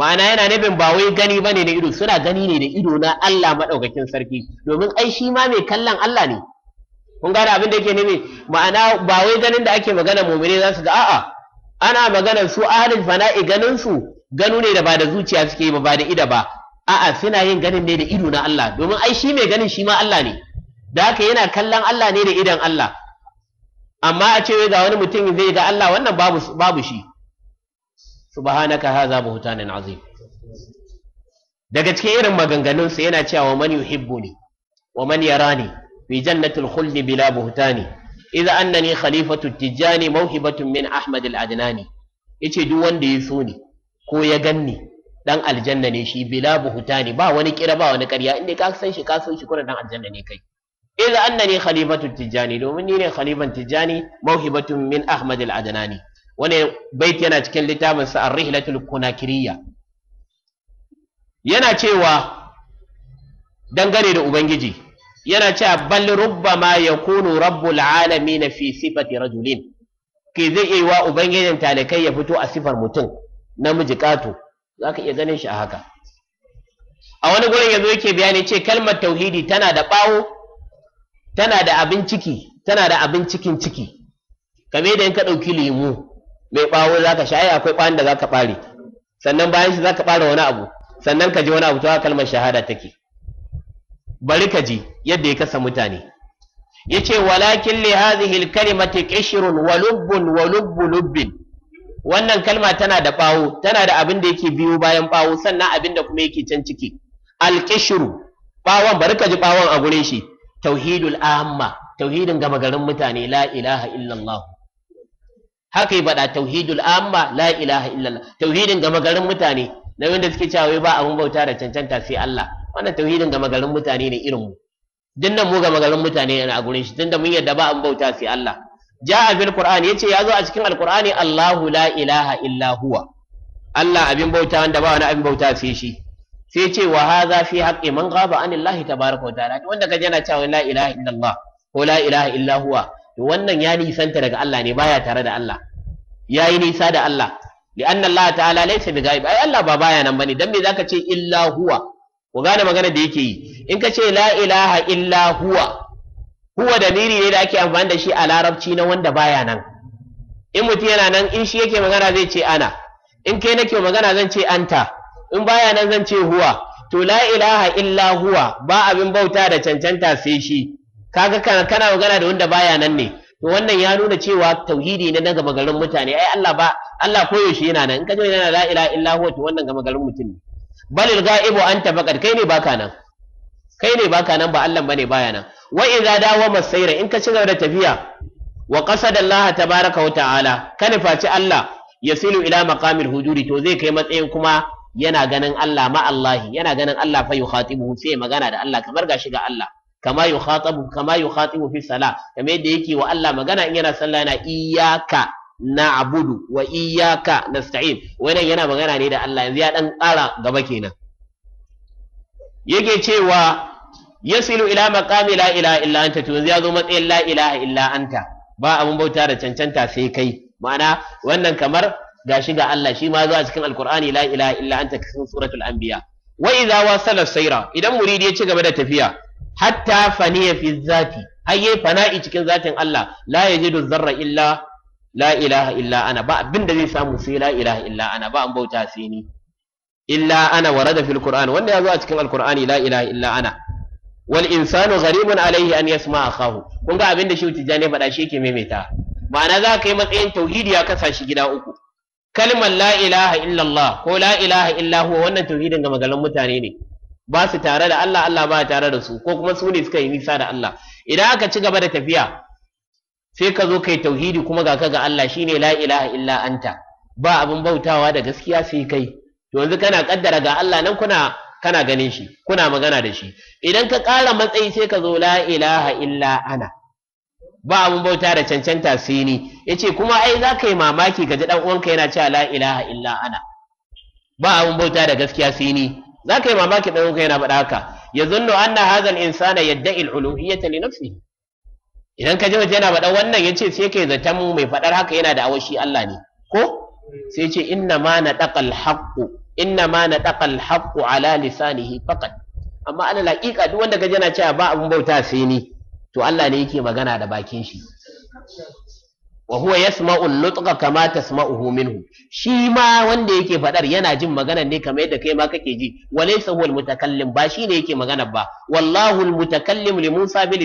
ma'ana yana nufin ba wai gani bane da ido suna gani ne da ido na Allah madaukakin sarki domin ai shi ma mai kallon Allah ne kun gane abin da yake nufi ma'ana ba wai ganin da ake magana mumine za su ga a'a ana magana su ahlul fana'i ganin su gano ne da ba da zuciya suke ba ba da ida ba a'a suna yin ganin ne da ido na Allah domin ai shi mai ganin shi ma Allah ne da haka yana kallon Allah ne da idan Allah amma a ce ga wani mutum zai ga Allah wannan babu babu shi subhanaka hadha buhtanan azim daga cikin irin maganganun sa yana cewa man yuhibbuni wa man yarani fi jannatil khuldi bila buhtani idza annani khalifatu tijani mawhibatun min ahmad adnani yace duk wanda ya so ni ko ya ganni dan aljanna ne shi bila buhtani ba wani kira ba wani ƙarya inda ka san shi ka san shi kuma dan aljanna ne kai idza annani khalifatu tijani domin ni ne Tijjani tijani mawhibatun min ahmad adnani wani bait yana cikin littafin sa ar-rihlatul kunakiriya yana cewa dangane da ubangiji yana cewa bal Rubba ma rubbama yakunu rabbul na fi sifati rajulin ke zai iya wa ubangijin talikai ya fito a sifar mutum namiji kato ka iya ganin shi a haka a wani gurin yanzu yake bayani ce kalmar tauhidi tana da bawo tana da abin ciki tana da abin cikin ciki kame da yanka ka ɗauki lemu mai bawo za ka ai akwai ɓarin da za ka ɓare sannan bayan shi za ka ɓare wani abu sannan ka ji wani abu ta kalmar shahada take bari ka ji yadda ya kasa mutane ce walakin le hazihil kalimati qishrun wa lubbun wa lubbu lubbin wannan kalma tana da ɓawo, tana da abin da yake biyu bayan ɓawo, sannan abin da kuma yake can ciki al kishiru ɓawon bari ka ji ɓawon a gure shi tauhidul amma tauhidin gama garin mutane la ilaha illallah haka yi bada tauhidul amma la ilaha illallah tauhidin gama garin mutane na wanda suke cewa ba abin bauta da cancanta sai Allah wannan tauhidin ga magarin mutane ne irin mu dinnan mu ga magarin mutane ne a gurin shi tunda mun yadda ba an bauta sai Allah ja'a ya qur'an yace yazo a cikin alqur'ani Allahu la ilaha illa huwa Allah abin bauta wanda ba wani abin bauta sai shi sai ce wa hadha fi haqqi man ghaba anillahi tabaraka wa ta'ala wanda kaje yana cewa la ilaha illallah ko la ilaha illa huwa wannan ya nisanta daga Allah ne baya tare da Allah yayi nisa da Allah li'anna Allah ta'ala laysa bi ghaib ai Allah ba baya nan bane dan me zaka ce illa huwa ku gane magana da yake yi in ka ce la ilaha illa huwa huwa da miri ne da ake amfani da shi a larabci na wanda baya nan in mutum yana nan in shi yake magana zai ce ana in kai nake magana zan ce anta in baya nan zan ce huwa to la ilaha illa huwa ba abin bauta da cancanta sai shi kaga kana magana da wanda baya nan ne to wannan ya nuna cewa tauhidi ne na gama garin mutane ai Allah ba Allah koyaushe yana nan in ka ce yana la ilaha illa huwa to wannan gama garin mutum ne balil ga'ibu anta faqad kai ne baka nan kai ne baka nan ba Allah bane baya nan wa idza dawa masaira in ka cigaba da tafiya wa qasada Allah tabaraka wa ta'ala kana faci Allah yasilu ila maqamil huduri to zai kai matsayin kuma yana ganin Allah ma Allah yana ganin Allah fa yukhatibuhu sai magana da Allah kamar gashi ga Allah kama yukhatabu kama yukhatibu fi sala kamar yadda yake wa Allah magana in yana sallah yana iyyaka na'budu wa iyyaka nasta'in wannan yana magana ne da Allah yanzu ya dan ƙara gaba kenan yake cewa yasilu ila maqami la ilaha illa anta to yanzu ya zo matsayin la ilaha illa anta ba abun bauta da cancanta sai kai ma'ana wannan kamar gashi ga Allah shi ma zuwa cikin alqur'ani la ilaha illa anta cikin suratul anbiya wa idza wasala sayra idan muridi ya ci gaba da tafiya hatta faniya fi zati har yayi fana'i cikin zatin Allah la yajidu zarra illa la ilaha illa ana ba abinda zai samu sai la ilaha illa ana ba an bauta sai ni illa ana warada fil qur'an wanda ya zo a cikin alqur'ani la ilaha illa ana wal insanu gharibun alaihi an yasma akahu kun ga abin da shi tijani faɗa shi yake maimaita ma'ana za ka yi matsayin tauhidi ya kasa shi gida uku kalmar la ilaha illallah ko la ilaha illa huwa wannan tauhidin ga magalan mutane ne ba su tare da Allah Allah ba tare da su ko kuma su ne suka yi nisa da Allah idan aka ci gaba da tafiya sai ka zo kai tauhidi kuma ga ka ga Allah shine la ilaha illa anta ba abin bautawa da gaskiya sai kai to yanzu kana kaddara ga Allah nan kuna kana ganin shi kuna magana da shi idan ka ƙara matsayi sai ka zo la ilaha illa ana ba abin bauta da cancanta sai ni yace kuma ai za ka yi mamaki ka ji dan uwanka yana cewa la ilaha illa ana ba abin bauta da gaskiya sai ni za ka yi mamaki dan uwanka yana faɗa haka yazunnu anna hadha al-insana yadda'i al-uluhiyyata li nafsihi idan ka ji mutum yana faɗa wannan ya ce sai kai zaton mai faɗar haka yana da awashi Allah ne ko sai ce inna ma na ɗaƙal haƙƙo, inna ma na ɗaƙal haƙƙo ala lisanihi faqat amma ana laƙiƙa duk wanda ka ji yana cewa ba abun bauta sai ni to Allah ne yake magana da bakin shi wa huwa yasma'u nutqa kama tasma'uhu minhu shi ma wanda yake faɗar yana jin magana ne kamar yadda kai ma kake ji walaysa huwal mutakallim ba shi ne yake magana ba wallahu mutakallim li Musa bi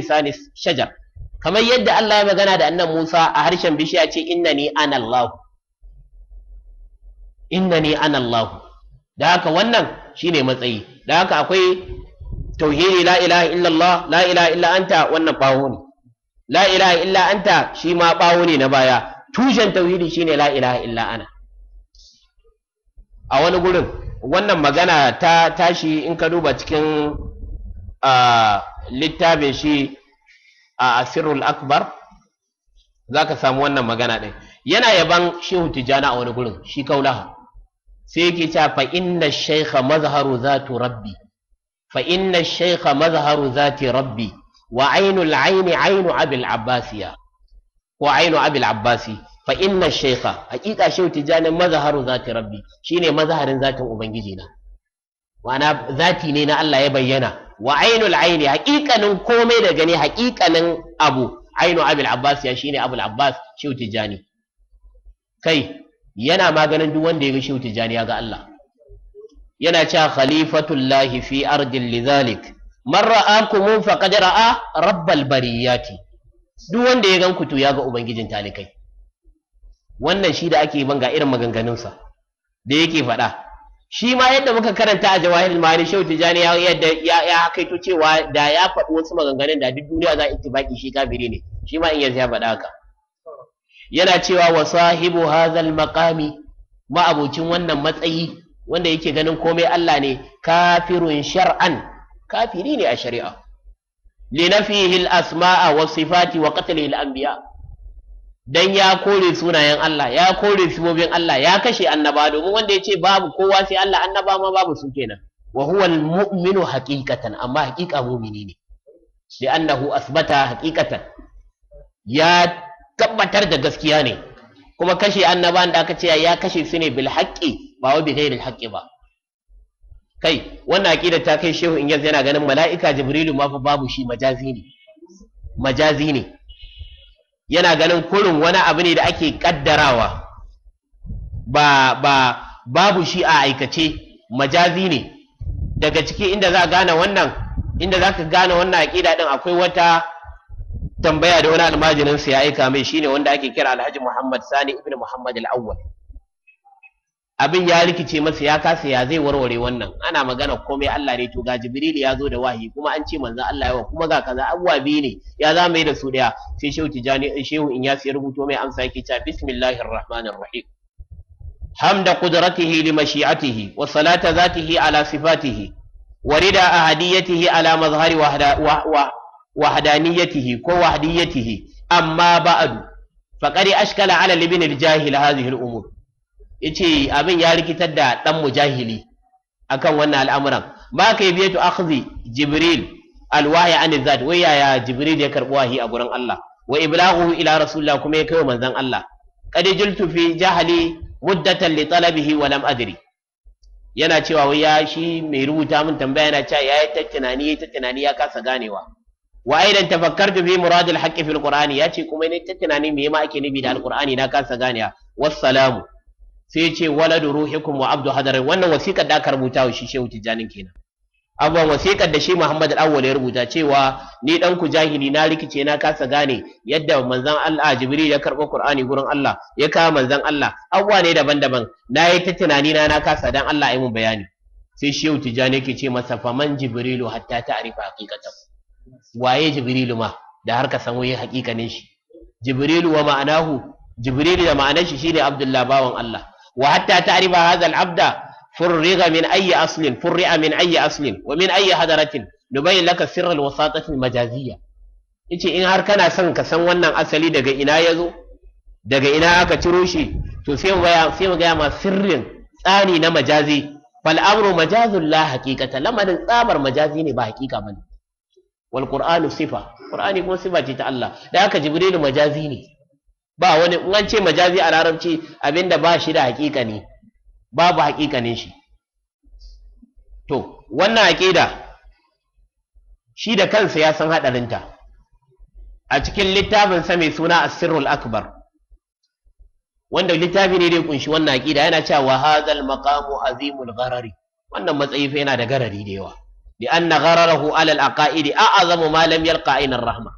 shajar kamar yadda Allah ya magana da annan Musa a harshen bishiya ce innani ana Allah innani ana Allah da haka wannan shine matsayi da haka akwai tauhidi la ilaha illallah la ilaha illa anta wannan bawo ne la ilaha illa anta shi ma bawo ne na baya tushen tauhidi shine la ilaha illa ana a wani gurin wannan magana ta tashi in ka duba cikin ah, littafin shi a asirul akbar za ka samu wannan magana ɗin yana yaban shehu tijjana a wani gurin shi kaulaha sai yake cewa fa inna shaykha mazharu zatu rabbi fa inna shaykha mazharu zati rabbi wa ainul aini ainu abil abbasiya ko ainu abil abbasi fa inna shaykha haƙiƙa shehu tijjana mazharu zati rabbi shine mazharin zatin ubangiji na ma'ana zati ne na Allah ya bayyana wa ainul aini haƙiƙanin komai da gani haƙiƙanin abu ainu abul abbas ya shine abul abbas shehu tijani kai yana maganin duk wanda ya ga shehu tijani ya ga Allah yana cewa khalifatullahi fi ardin lidhalik man ra'akum faqad ra'a rabbal bariyati duk wanda ya gan ku to ya ga ubangijin talikai wannan shi da ake ban ga irin maganganunsa da yake faɗa shi ma yadda muka karanta a jawahir ma'ani shehu tijani ya yadda ya kaito cewa da ya faɗi wasu maganganun da duk duniya za a ittifaki shi kafiri ne shi ma in yanzu ya faɗa haka yana cewa wa sahibu hazal maqami ma'abocin wannan matsayi wanda yake ganin komai Allah ne kafirun shar'an kafiri ne a shari'a li nafihi al asma'a wa sifati wa qatlihi al anbiya' dan ya kore sunayen Allah ya kore sibobin Allah ya kashe annaba domin wanda ya ce babu kowa sai Allah annaba ma babu su kenan wa huwa almu'minu haqiqatan amma haqiqa mu'mini ne annahu asbata haqiqatan ya tabbatar da gaskiya ne kuma kashe annaban da aka ce ya kashe su ne bil haqqi ba wa bi ghairi haqqi ba kai wannan aqida ta kai shehu in yanzu yana ganin mala'ika jibrilu ma fa babu shi majazi ne majazi ne yana ganin kurin wani abu ne da ake kaddarawa ba ba babu shi a aikace majazi ne daga ciki inda za gane wannan inda za ka gane wannan aƙida din akwai wata tambaya da wani almajirin ya aika mai shine wanda ake kira Alhaji Muhammad Sani ibn Muhammad al-Awwal abin ya rikice masa ya kasa ya zai warware wannan ana magana komai Allah ne to ga Jibril ya zo da wahayi kuma an ce manzon Allah yawa kuma ga kaza abuwa biyu ne ya za mai da su daya sai Shehu Tijani Shehu in ya rubuto mai amsa yake cewa bismillahir rahmanir rahim hamda qudratihi li mashi'atihi wa salata zatihi ala sifatihi wa ahadiyatihi ala mazhari wahdaniyatihi ko wahdiyatihi amma ba'du faqad ashkala ala libin al jahil hadhihi al umur yace abin ya rikitar da dan mujahili akan wannan al'amuran ba ka yi biyatu akhzi jibril alwahyi an zat wai yaya jibril ya karbi wahi a gurin Allah wa iblaghu ila rasulillah kuma ya kai manzon Allah qad jultu fi jahli muddatan li talabihi wa lam adri yana cewa wai ya shi mai rubuta min tambaya yana cewa yayi ta tunani yayi ta tunani ya kasa ganewa wa aidan tafakkartu fi muradil haqqi fil qur'ani yace kuma ne ta tunani me ma ake nubi da alqur'ani na kasa ganewa wassalamu sai ya ce waladu ruhikum wa abdu hadarin wannan wasiƙar da aka rubuta wa shi shehu tijjanin kenan amma wasiƙar da shi Muhammad al ya rubuta cewa ni dan ku jahili na rikice na kasa gane yadda manzon Allah Jibril ya karɓo Qur'ani gurin Allah ya kawo manzon Allah abuwa ne daban-daban na yi ta tunani na na kasa dan Allah ya mun bayani sai shehu tijjani yake ce masa faman Jibrilu hatta ta'rifa haqiqatan waye Jibrilu ma da har ka san waye hakikanin shi Jibrilu wa ma'anahu Jibrilu da ma'anar shi shine Abdullah bawan Allah wa hatta ta'rifa hadha abda فرغ من أي أصل فرع من أي أصل ومن أي حضرة نبين لك سر الوساطة المجازية yace in har kana son ka san wannan asali daga ina ya zo daga ina aka ciro shi to sai mu gaya sai mu ma sirrin tsani na majazi fal amru majazul la haqiqata lamarin tsabar majazi ne ba haqiqa bane wal qur'anu sifa qur'ani kuma sifa ce ta Allah da haka jibrilu majazi ne ba wani in an ce majazi a larabci abinda ba shi da hakika ne babu hakikanin shi to wannan aƙida shi da kansa ya san ta. a cikin littafin sa mai suna asirul akbar wanda littafi ne dai kunshi wannan aƙida yana cewa wa hadzal maqamu azimul gharari wannan matsayi fa yana da garari da yawa li anna ghararahu alal al aqaidi a'azamu ma lam yalqa rahma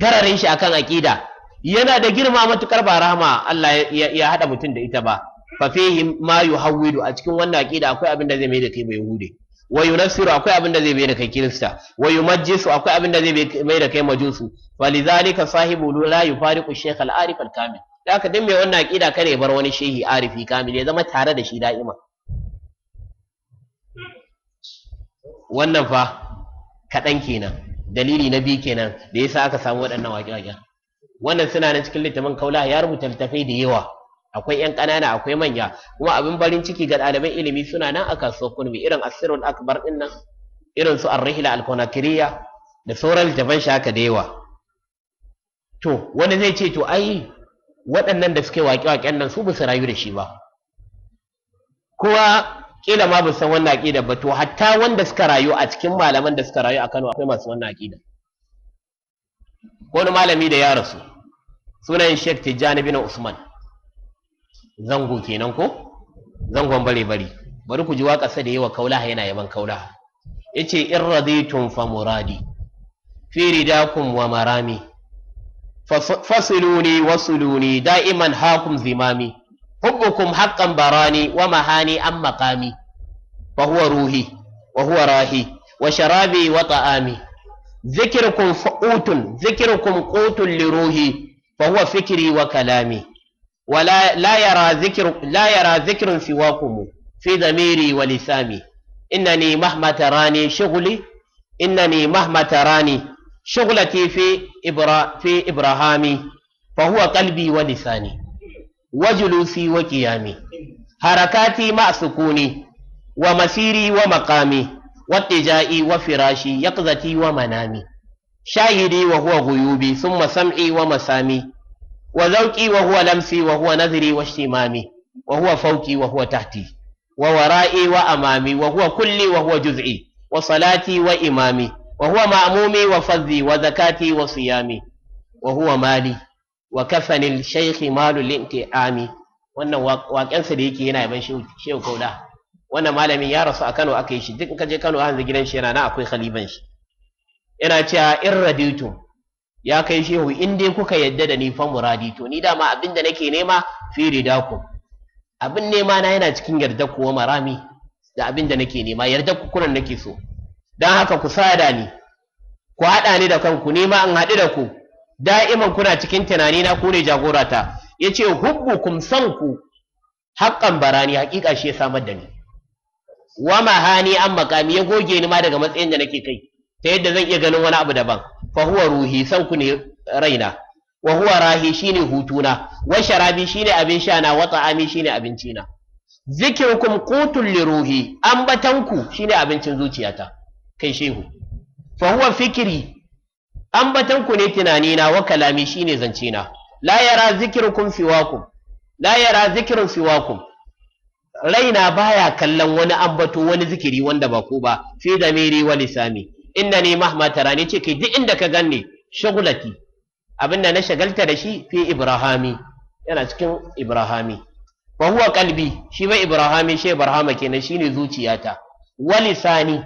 gararin shi akan aqida yana da girma matukar ba rahama Allah ya haɗa mutum da ita ba fa fihi ma yuhawwidu a cikin wannan aqida akwai abin da zai mai da kai mai hude wa yunafsiru akwai abin da zai mai da kai kirista wa yumajjisu akwai abin da zai mai da kai majusu walidhalika sahibu la yufariqu shaykh al-arif al-kamil da haka duk mai wannan aqida kare bar wani shehi arifi kamil ya zama tare da shi da'ima wannan fa kaɗan kenan dalili na biyu kenan da yasa aka samu waɗannan waƙe-waƙen wannan suna nan cikin littafin kaula ya rubuta littafai da yawa akwai yan ƙanana akwai manya kuma abin barin ciki ga ɗaliban ilimi suna nan a kasuwar kurmi irin asirul akbar din nan irin su arrihila alkonakiriya da sauran littafan shi haka da yawa to wani zai ce to ai waɗannan da suke waƙe-waƙen nan su basu rayu da shi ba kowa kila ma bu san wannan aƙida ba to hatta wanda suka rayu a cikin malaman da suka rayu a Kano akwai masu wannan aƙida wani malami da ya rasu sunan Sheikh Tijjani bin Usman zango kenan ko zangon bare bari bari ku ji waka sa da yawa kaulaha yana yaban Ya yace in tun fa muradi fi ridakum wa marami fasiluni wasuluni da'iman hakum zimami hubbukum haqqan barani wa mahani an makami. fa huwa ruhi wa huwa rahi wa sharabi wa ta'ami ذكركم قوت ذكركم قوت لروحي فهو فكري وكلامي ولا لا يرى ذكر لا يرى ذكر سواكم في ضميري ولسامي إنني مهما تراني شغلي إنني مهما تراني شغلتي في إبرا في إبراهامي فهو قلبي ولساني وجلوسي وقيامي حركاتي مع سكوني ومسيري ومقامي والتجائي وفراشي يقظتي ومنامي شاهدي وهو غيوبي ثم سمعي ومسامي وذوقي وهو لمسي وهو نذري واشتمامي وهو فوقي وهو تحتي وورائي وأمامي وهو كلي وهو جزئي وصلاتي وإمامي وهو مأمومي وفذي وزكاتي وصيامي وهو مالي وكفن الشيخ مال الانتعام wannan waƙensa da yake yana yaban shehu kauda wannan malamin ya rasu a Kano aka yi shi duk in ka je Kano an gidan shi yana na akwai khaliban shi yana cewa in raditu ya kai shehu in dai kuka yadda da ni fa to, ni dama abin da nake nema fi ridaku abin nema na yana cikin yarda kuwa marami da abin da nake nema yarda ku kunan nake so dan haka ku sada ni ku haɗa ni da kanku nema in haɗu da ku da'iman kuna cikin tunani na ku ne jagorata yace hubbukum sanku haqqan barani haƙiƙa shi ya samar da ni wa mahani an makami ya goge ni ma daga matsayin da nake kai ta yadda zan iya ganin wani abu daban fa huwa ruhi sanku ku ne raina wa huwa rahi shine hutuna wa sharabi shine abin sha na wa ta'ami shine abinci na zikirkum qutul li ruhi ambatanku shine abincin zuciyata kai shehu fa huwa fikri ambatanku ne tunanina wa kalami shine zancina la yara zikirkum fiwakum la yara zikirun fiwakum raina baya kallon wani ambato wani zikiri wanda ba ku ba fi wani sami lisani innani mahma rani ce kai duk inda ka ganni shagulati abinda na shagalta da shi fi ibrahami yana cikin ibrahami wa huwa kalbi shi ba ibrahami shi barhama kenan shine zuciyata wa lisani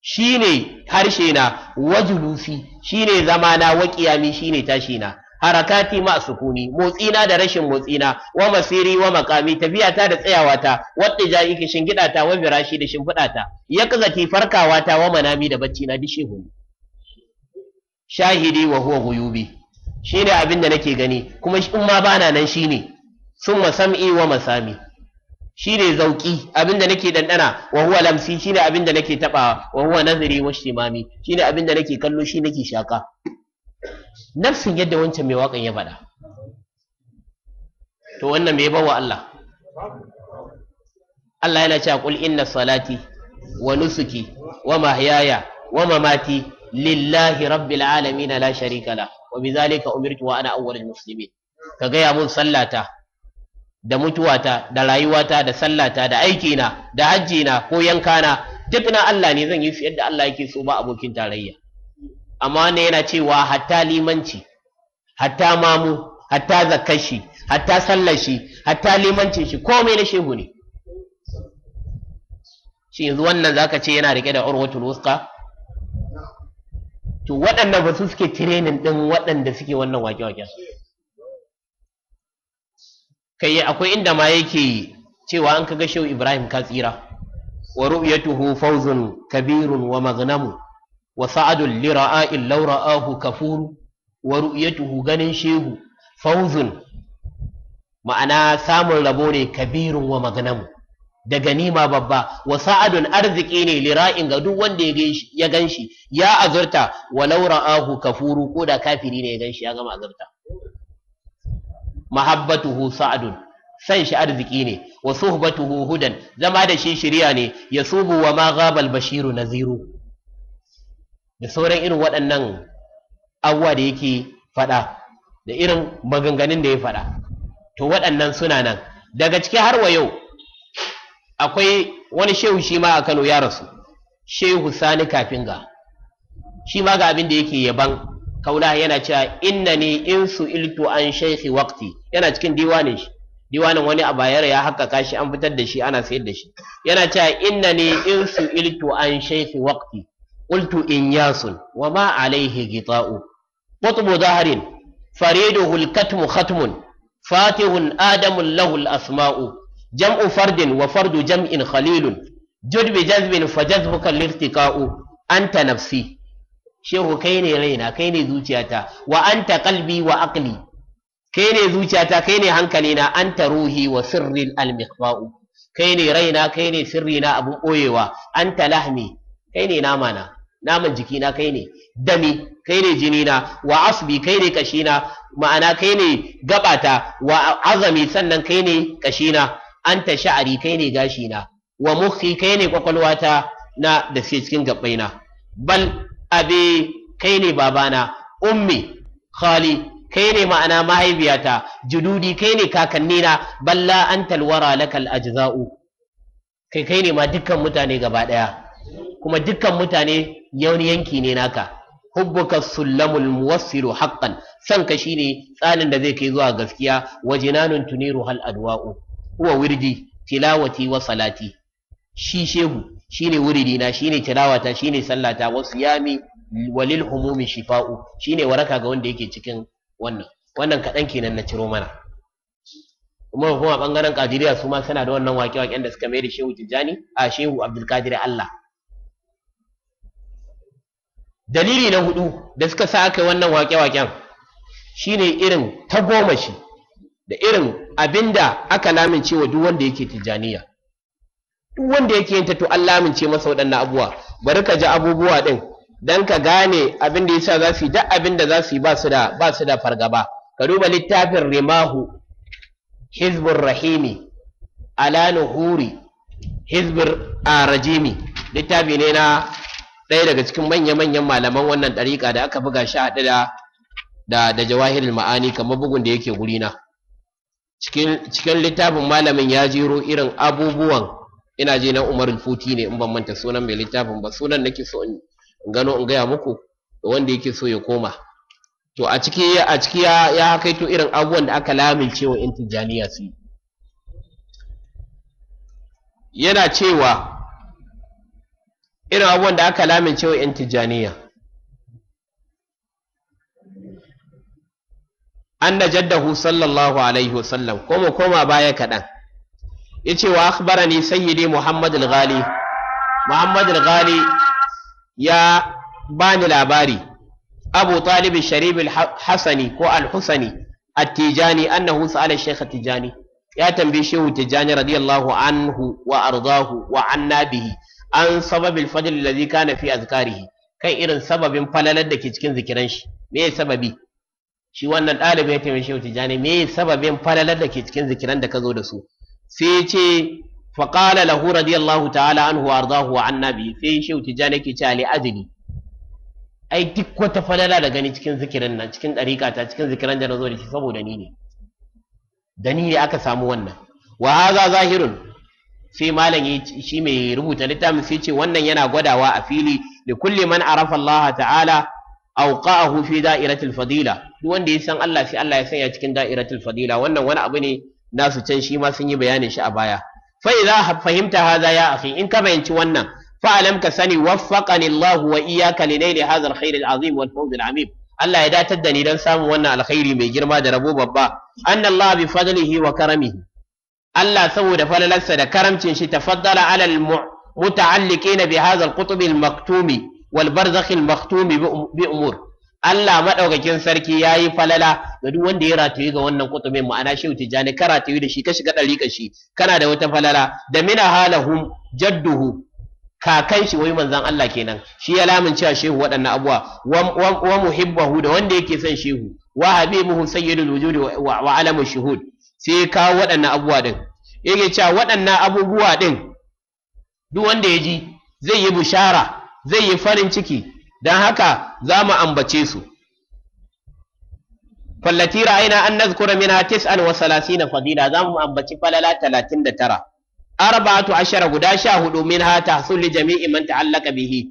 shine harshe na wajulusi shine zamana wa shi shine tashi na harakati ma sukuni motsina da rashin motsina wa masiri wa makami tafiyata da tsayawata wadda jaiki shingida ta wa birashi da shimfida ta yakzati farkawa ta wa manami da bacci na dishe hu shahidi wa huwa guyubi shine abin da nake gani kuma in ma bana nan shine sun sam'i wa masami shine zauki abin da nake dandana wa huwa lamsi shine da nake tabawa wa huwa nazari wa shimami shine da nake kallo shi nake shaka nafsin yadda wancan mai waƙan ya faɗa to wannan mai bawa Allah Allah yana cewa qul inna salati wa nusuki wa mahyaya wa mamati lillahi rabbil alamin la sharika la wa bidhalika umirtu wa ana awwalul muslimin ka gaya mun sallata da mutuwata da rayuwata da sallata da aikina da hajjina ko yankana duk na Allah ne zan yi su yadda Allah yake so ba abokin tarayya amma wannan yana cewa hatta limanci hatta mamu hatta zakashi hatta sallashi hatta limancin shi komai na shehu ne shi yanzu wannan zaka ce yana rike da urwatul wusqa to waɗanda ba su suke tirenin ɗin waɗanda suke wannan wake-waken kai akwai inda ma yake cewa an kaga shehu ibrahim ka tsira wa ru'yatuhu fawzun kabirun wa magnamun wa sa'adun lira'a'in laura'ahu kafuru wa ru'yatuhu ganin shehu fauzun ma'ana samun rabo ne Kabiru wa maganamu da ganima babba wa sa'adun arziki ne lira'in ga duk wanda ya ganshi ya azurta wa Ahu kafuru ko da kafiri ne ya ganshi ya gama azurta mahabbatuhu sa'adun san shi arziki ne wa suhbatuhu hudan zama da shi shiriya ne yasubu wa ma bashiru naziru da sauran irin waɗannan abuwa da yake faɗa da irin maganganun da ya faɗa to waɗannan suna nan daga ciki har wa yau akwai wani shehu shi ma a kano ya rasu shehu sani kafinga shi ma ga abin da yake yaban kaula yana cewa inna ne in su iltu an shaikhi waqti yana cikin diwanin shi diwanin wani a bayar ya haƙƙaƙa shi an fitar da shi ana sayar da shi yana cewa inna ne in su iltu an shaikhi waqti qultu inyasun wa ma alaihi gita'u qutbu zahrin fariduhu al-katmu khatmun fatihun Adamu Lahul asmau jam'u fardin wa fardu jam'in khalilun jud bi jazbin fa jazbuka lirtiqa'u anta nafsi shehu kai ne raina kai ne zuciyata wa anta qalbi wa aqli kai ne zuciyata kai ne hankalina anta ruhi wa sirrin almiqba'u kai ne raina kai ne boyewa anta lahmi kai ne naman jikina kai ne dami kai ne jinina wa asbi kai ne kashina ma'ana kai ne gabata wa azami sannan kai ne kashina anta sha'ari kai ne gashina wa mukhi kai ne kwakwalwata na da suke cikin na? bal abe kai ne babana ummi khali kai ne ma'ana mahaifiyata jududi kai ne kakannina balla antal wara lakal ajza'u kai kai ne ma dukkan mutane gaba daya kuma dukkan mutane yauni yanki ne naka hubbuka sullamul muwassiru haqqan san ka shine tsanin da zai kai zuwa gaskiya wajinanun tuniru hal adwa'u huwa wirdi tilawati wa salati shi shehu shine wuridi na shine tilawata shine sallata wa siyami walil humumi shifa'u shine waraka ga wanda yake cikin wannan wannan kaɗan kenan na ciro mana kuma kuma bangaren kadiriya su ma suna da wannan wake-waken da suka mai da shehu tijjani a shehu abdulkadir allah dalili na hudu da suka sa aka wannan waƙe-waƙen shine irin ta tagomashi da irin abinda aka lamince wa duk wanda yake tijaniya duk wanda yake yin ta to an lamince masa waɗannan abubuwa bari ka ji abubuwa din dan ka gane abin da yasa za su yi duk abin da za su yi ba su da ba su da fargaba ka duba littafin rimahu hizbur rahimi ala nuhuri hizbur arajimi littafi ne na ɗaya daga cikin manya-manyan malaman wannan ɗariƙa da aka buga shi haɗu da da jawahirul ma'ani kamar bugun da yake gurina cikin cikin littafin malamin ya jiro irin abubuwan ina je na umarul futi ne in ban manta sunan mai littafin ba sunan nake so in gano in gaya muku da wanda yake so ya koma to a ciki a ciki ya ya kaito irin abubuwan da aka lamince wa intijaniya su yana cewa irin abubuwan da aka lamincewa 'yan Tijaniya. an na jaddahu sallallahu alaihi wasallam koma koma baya kaɗan ya ce wa akhbarani sayyidi muhammad al-ghali muhammad al-ghali ya bani labari abu talib sharif al-hasani ko al-husani at-tijani annahu sa'ala shaykh at-tijani ya tambaye shehu tijani radiyallahu anhu wa ardahu wa annabihi an sababil fajr allazi kana fi azkarihi kan irin sababin falalar da ke cikin zikiran shi me ya sababi shi wannan ɗalibi ya taimake shi tijani me ya sababin falalar da ke cikin zikiran da ka zo da su sai ya ce fa qala lahu radiyallahu ta'ala anhu wa ardahu wa annabi sai shi tijani ke ce ali ajli ai duk wata falala da gani cikin zikirin nan cikin ɗariƙa ta cikin zikiran da na zo da shi saboda ni ne da ni ne aka samu wannan wa haza zahirun sai malam shi mai rubuta littafin sai ce wannan yana gwadawa a fili da kulli man arafa Allah ta'ala auqa'ahu fi da'iratil fadila duk wanda ya san Allah sai Allah ya sanya cikin da'iratul fadila wannan wani abu ne nasu can shi ma sun yi bayanin shi a baya fa idza fahimta hadha ya akhi in ka bayanci wannan fa alam ka sani waffaqani Allah wa iyyaka li naili hadha al al-azim wal fawz al-amim Allah ya datar da ni dan samun wannan alkhairi mai girma da rabo babba anna Allah bi fadlihi wa karamihi Allah saboda falalarsa da karamcin shi tafaddala alal muta'alliqina bi na al-qutb al-maktumi wal barzakh al-maktumi um-, bi umur Allah madaukakin sarki yayi falala ga duk wanda ya rataye ga wannan kutubin ma'ana shehu tijani ka rataye da shi ka shiga dariƙa shi kana da wata falala da mina halahum jadduhu kakan shi wai manzan Allah kenan shi ya lamun cewa shehu waɗannan abuwa wa muhibbahu da wanda yake son shehu wa habibuhu sayyidul wujudi wa alamu shuhud sai ya kawo waɗannan abubuwa ɗin yake cewa waɗannan abubuwa ɗin duk wanda ya ji zai yi bushara zai yi farin ciki don haka za mu ambace su fallati ra'ayna an nazkura minha tis'an wa salasina fadila za mu ambaci falala talatin da tara arba'atu ashara guda sha hudu minha tahsul li jami'i man ta'allaka bihi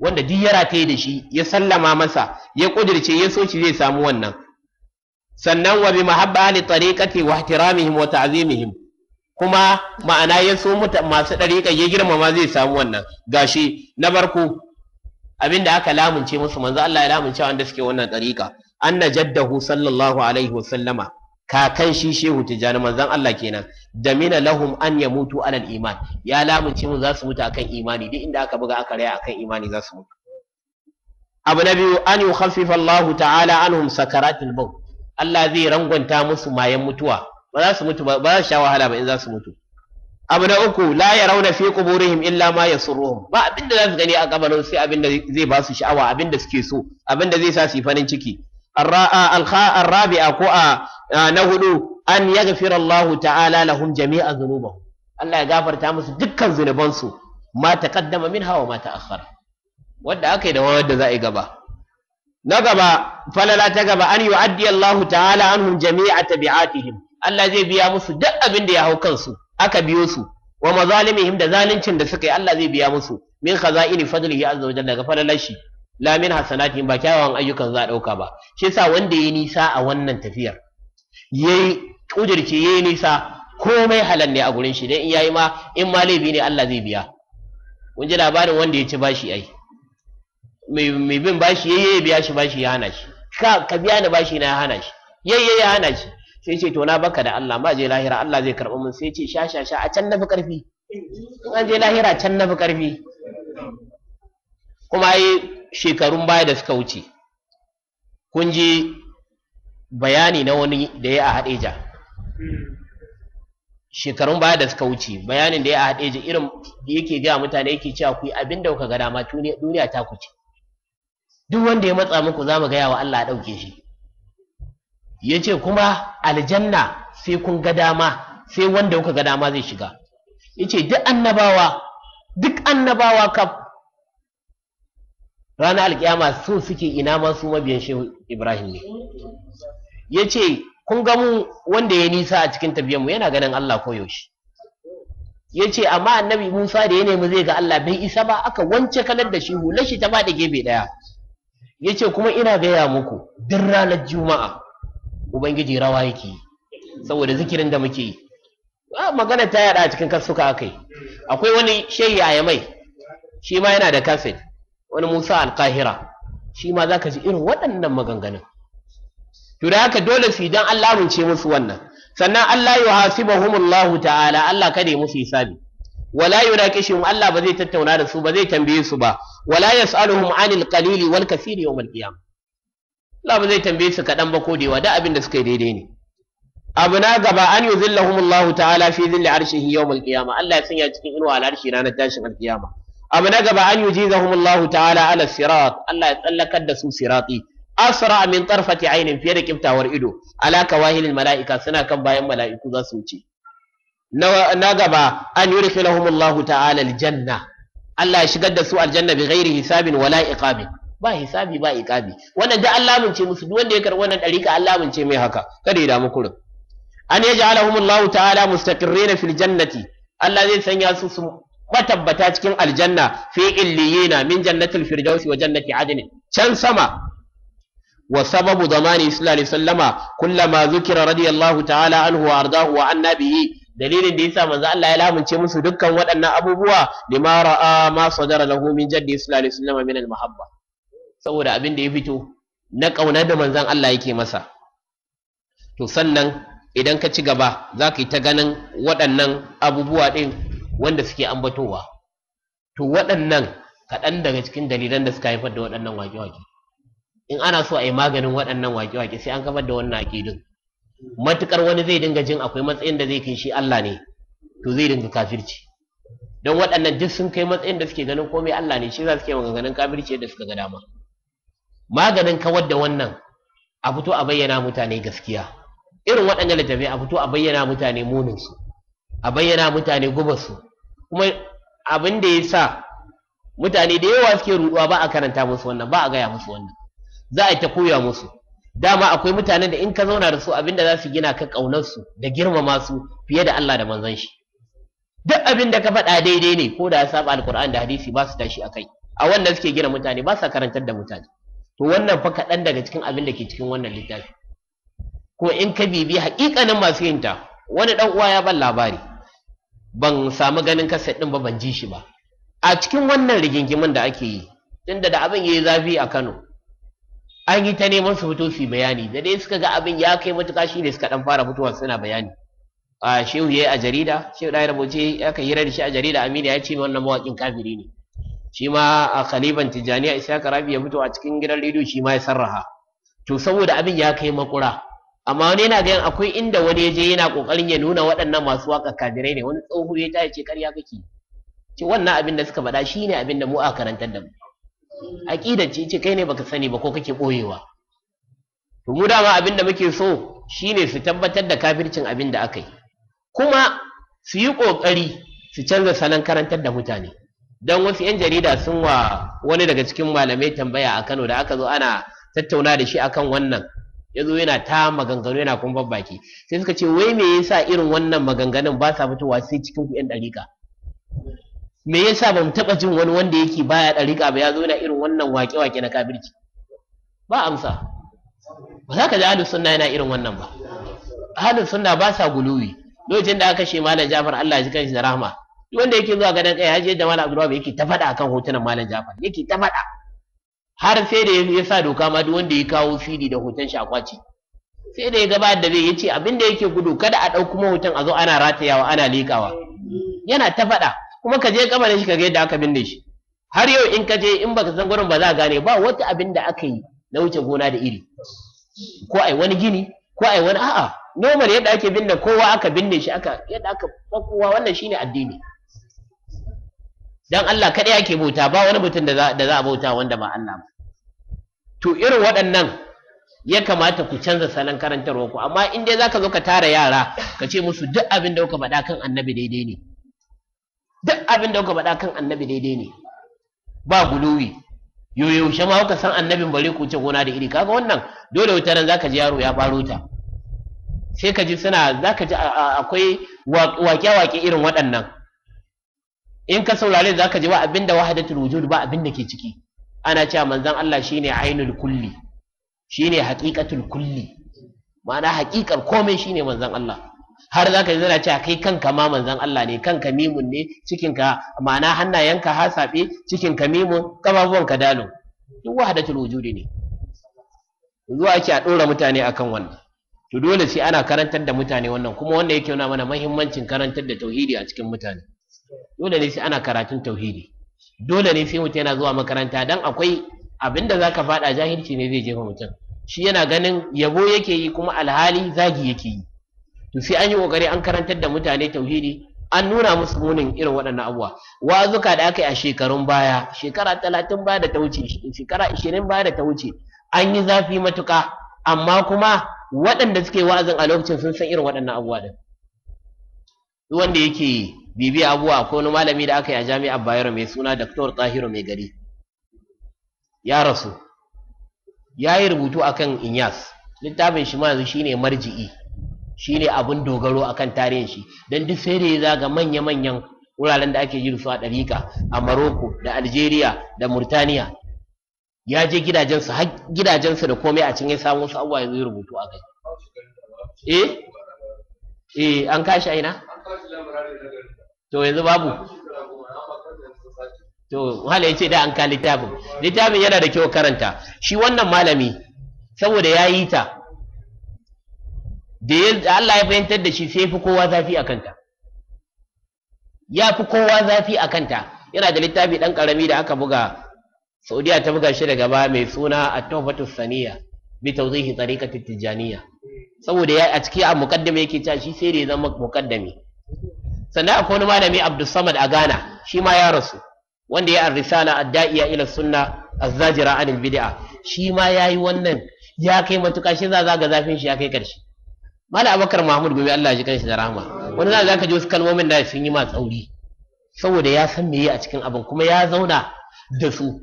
wanda duk ya rataye da shi ya sallama masa ya ƙudirce, ya so shi zai samu wannan sannan wa bi mahabba ahli tariqati wa ihtiramihim wa ta'zimihim kuma ma'ana ya so masu dariƙa ya girmama zai samu wannan gashi na barko abinda aka lamunce musu manzo Allah ya lamunce wanda suke wannan An anna jaddahu sallallahu alaihi wasallama kakan shi shehu tijani manzon Allah kenan da mina lahum an yamutu alal iman ya lamunce mu za su mutu akan imani duk inda aka buga aka raya akan imani za su mutu abu na biyu an yukhaffifa Allah ta'ala anhum sakaratul maut Allah zai rangwanta musu mayan mutuwa ba za su mutu ba za su sha wahala ba in za su mutu abu na uku la rauna fi quburihim illa ma yasurruhum ba abinda za su gani a kabarin sai abinda zai ba su sha'awa abinda suke so abinda zai sa su farin ciki الرابعة ko a na hudu an yaghfira Allah ta'ala lahum jami'a dhunubahum Allah ya gafarta musu dukkan zunubansu ma taqaddama minha wa ma ta'akhkhara wanda akai da wanda za a yi gaba na gaba falala ta gaba an yi wa yu'addi Allah ta'ala an a jami'a tabi'atihim Allah zai biya musu duk abin da ya hau kansu aka biyo su wa mazalimihim da zaluncin da suka yi Allah zai biya musu min khaza'ini fadlihi azza wa jalla ga falalar shi lamin min hasanatihim ba kyawawan ayyukan za a ɗauka ba shi yasa wanda yi nisa a wannan tafiyar yayi ya yi nisa komai halal ne a gurin shi dan in yi ma in ma laifi ne Allah zai biya kun ji labarin wanda ya ci bashi ai mai bin bashi yayye ya biya shi bashi ya hana shi ka ka biya ni bashi na ya hana shi yayye ya hana shi sai ce to na baka da Allah ba je lahira Allah zai karɓi mun sai ce sha sha sha a can nafi karfi in an je lahira can nafi karfi kuma yi shekarun baya da suka wuce kun ji bayani na wani da ya a hadeja shekarun baya da suka wuce bayanin da ya a hadeja irin da yake ga mutane yake cewa ku abin da kuka ga dama duniya ta ku ce duk wanda ya matsa muku za mu gaya wa Allah a ɗauke shi ya ce kuma aljanna sai kun ga dama sai wanda kuka ga dama zai shiga ya ce duk annabawa duk annabawa kaf rana alkiyama su suke ina ma mabiyan shehu ibrahim ne ya ce kun ga mu wanda ya nisa a cikin mu yana ganin allah koyaushe ya ce amma annabi musa da ya nemi zai ga allah bai isa ba aka wance kalar da shi hula shi ta ba da gefe ɗaya Ya ce kuma ina gaya muku duk ranar juma'a ubangiji rawa yake yi saboda zikirin da muke yi magana ta yada a cikin kasuka akai akwai wani shehi a yamai shi ma yana da kaset wani musa alkahira shi ma za ka ji irin waɗannan maganganun to da haka dole su idan allah ce musu wannan sannan allah yi hasibahumullahu ta'ala allah kada ya musu hisabi wala yunaqishum allah ba zai tattauna da su ba zai tambaye su ba wala yas'aluhum 'anil qalili wal kathiri yawm al-qiyam Allah ba zai tambaye su kaɗan ba ko da yawa da abin da suka yi daidai ne abu na gaba an yuzillahum Allah ta'ala fi zilli arshihi yawm al Allah ya sanya cikin inuwa al ranar tashin al abu na gaba an yujizahum Allah ta'ala ala sirat Allah ya tsallakar da su sirati asra min tarfati ainin fiye da kiftawar ido ala mala'ika suna kan bayan mala'iku zasu wuce na gaba an yurkhilahum Allah ta'ala janna Allah ya shigar da su aljanna bi ghairi hisabin wala iqabin ba hisabi ba iqabi wannan da Allah mun ce musu duk wanda ya karɓi wannan dariƙa Allah mun ce mai haka kada ya damu kurin an yaj'alahumullahu ta'ala mustaqirrina fil jannati Allah zai sanya su su matabbata cikin aljanna fi illiyina min jannatil firdausi wa jannati adn can sama wa sababu zamani sallallahu alaihi wasallama kullama zukira radiyallahu ta'ala anhu wa ardahu wa annabihi dalilin da yasa manzo Allah ya lamunce musu dukkan waɗannan abubuwa lima ra'a ma sadara lahu min jaddi sallallahu alaihi wasallam min al-mahabba saboda abin da ya fito na kauna da manzon Allah yake masa to sannan idan ka ci gaba za ka yi ta ganin waɗannan abubuwa ɗin wanda suke ambatowa to waɗannan kaɗan daga cikin dalilan da suka haifar da waɗannan wake-wake in ana so a yi maganin waɗannan wake-wake sai an kafar da wannan aƙidin matukar wani zai dinga jin akwai matsayin da zai kai shi Allah ne to zai dinga kafirci don waɗannan duk sun kai matsayin da suke ganin komai Allah ne shi za su ke maganganun kafirci da suka ga dama maganin kawar da wannan a fito a bayyana mutane gaskiya irin waɗannan littafi a fito a bayyana mutane muninsu a bayyana mutane su kuma abin da ya sa mutane da yawa suke ruɗuwa ba a karanta musu wannan ba a gaya musu wannan za a ta koya musu dama akwai mutanen da in ka zauna da su abinda za su gina ka ƙaunarsu da girmama su fiye da Allah da manzon shi duk abin da ka faɗa daidai ne ko da ya saba alkur'ani da hadisi ba su tashi akai a wannan suke gina mutane ba sa karantar da mutane to wannan fa kaɗan daga cikin abin da ke cikin wannan littafi ko in ka bibi haƙiƙanin masu yin ta wani ɗan uwa ya ban labari ban samu ganin kaset ɗin ba ban ji shi ba a cikin wannan rigingimin da ake yi tunda da abin yayi zafi a Kano an yi ta neman su fito su yi bayani da dai suka ga abin ya kai matuƙa shi ne suka dan fara fitowa suna bayani a shehu yi a jarida shehu ɗaya da ya kai hira da shi a jarida amina ya ce wannan mawaƙin kafiri ne shi ma a khaliban tijaniya ishaq rabi ya fito a cikin gidan rediyo shi ma ya sarraha to saboda abin ya kai makura amma wani yana ganin akwai inda wani ya je yana kokarin ya nuna waɗannan masu waƙa kafirai ne wani tsoho ya ta ce karya kake ce wannan abin da suka faɗa ne abin da mu a karantar da mu aqidan ce ce kai ne baka sani ba ko kake boyewa to dama abin da muke so shine su tabbatar da kafircin abin da aka yi kuma su yi kokari su canza salon karantar da mutane don wasu 'yan jarida sun wa wani daga cikin malamai tambaya a kano da aka zo ana tattauna da shi akan wannan ya zo yana ta maganganu yana kuma babbaki sai suka ce wai me yasa irin wannan maganganun ba sa fitowa sai cikin ku 'yan ɗariƙa me yasa ban taba jin wani wanda yake baya dariƙa ba ya zo yana irin wannan waƙe-waƙe na kabirci ba amsa ba za ka ji ahlus sunna yana irin wannan ba ahlus sunna ba sa guluwi lokacin da aka kashe malam Jafar Allah ya ji kanshi da rahma wanda yake zuwa gadon kai haje da malam abdurrahman yake ta faɗa akan hotunan malam Jafar yake ta faɗa har sai da ya sa doka ma duk wanda ya kawo fili da hoton shi akwaci sai da ya gaba da bai yace abin da yake gudu kada a ɗauki hoton a zo ana ratayawa ana likawa yana ta faɗa kuma ka je kabarin shi ka ga yadda aka binne shi har yau in ka je in baka san gurin ba za ka gane ba wata abin da aka yi na wuce gona da iri ko ai wani gini ko ai wani a'a normal yadda ake binne kowa aka binne shi aka yadda aka kowa wannan shine addini dan Allah kadai ake bauta ba wani mutum da za a bauta wanda ba Allah ba to irin waɗannan ya kamata ku canza salon karantarwa ku amma in dai zaka zo ka tara yara ka ce musu duk abin da kuka faɗa kan annabi daidai ne duk abin da kuka faɗa kan annabi daidai ne ba guluwi yoyaushe ma kuka san annabin bare ku ce gona da iri kaga wannan dole wata ran zaka ji yaro ya faro ta sai ka ji suna zaka ji akwai wake-wake irin waɗannan in ka saurare zaka ji ba abin da wahadatul wujud ba abinda ke ciki ana cewa manzon Allah shine ainul kulli shine haqiqatul kulli ma'ana haqiqar komai shine manzon Allah har za ka ji zana cewa kai kanka ma manzan Allah ne kanka mimun ne cikinka ma'ana hannayenka hasabe cikinka mimun kafafuwanka dalo duk hadatul wujudi ne yanzu ake a dora mutane akan wannan to dole sai ana karantar da mutane wannan kuma wanda yake nuna mana muhimmancin karantar da tauhidi a cikin mutane dole ne sai ana karatun tauhidi dole ne sai mutum yana zuwa makaranta dan akwai abinda zaka fada jahilci ne zai jefa mutum shi yana ganin yabo yake yi kuma alhali zagi yake yi to sai an yi kokari an karantar da mutane tauhidi an nuna musu munin irin waɗannan abuwa. wazuka da aka yi a shekarun baya shekara talatin baya da ta wuce shekara ishirin baya da ta wuce an yi zafi matuka amma kuma waɗanda suke wa'azin a lokacin sun san irin waɗannan abuwa din wanda yake bibiya abuwa ko wani malami da aka yi a jami'ar bayero mai suna Dr. tahiru mai gari ya rasu ya yi rubutu akan inyas littafin shi ma yanzu shine marji'i Shi ne abin dogaro akan tarihin shi don duk sai da ya zaga manya-manyan wuraren da ake yin su a ɗariƙa a Maroko da Algeria da Murtaniya ya je gidajensu har gidajensu da komai a cikin ya samu su abuwa ya zo rubutu a kai eh eh an kashi aina to yanzu babu to hala ya ce da an ka littafin littafin yana da kyau karanta shi wannan malami saboda ya yi ta da Allah ya fahimtar da shi sai fi kowa zafi a kanta ya fi kowa zafi a kanta yana da littafi ɗan ƙarami da aka buga saudiya ta buga shi daga ba mai suna a tawfatu saniya bi tawzihi tariqati Tijjaniya. saboda ya a ciki a muƙaddame yake cewa shi sai da ya zama muƙaddame. sannan akwai wani malami Abdul Samad a Ghana shi ma ya rasu wanda ya arrisala ad-da'iya ila sunna az-zajira anil bid'a shi ma yayi wannan ya kai matuƙa shi za ga zafin shi ya kai ƙarshe mala abakar mahmud gobe allah ji kanshi da rahama wani za zaka ji wasu kalmomin da sun yi ma tsauri saboda ya san me yi a cikin abin kuma ya zauna da su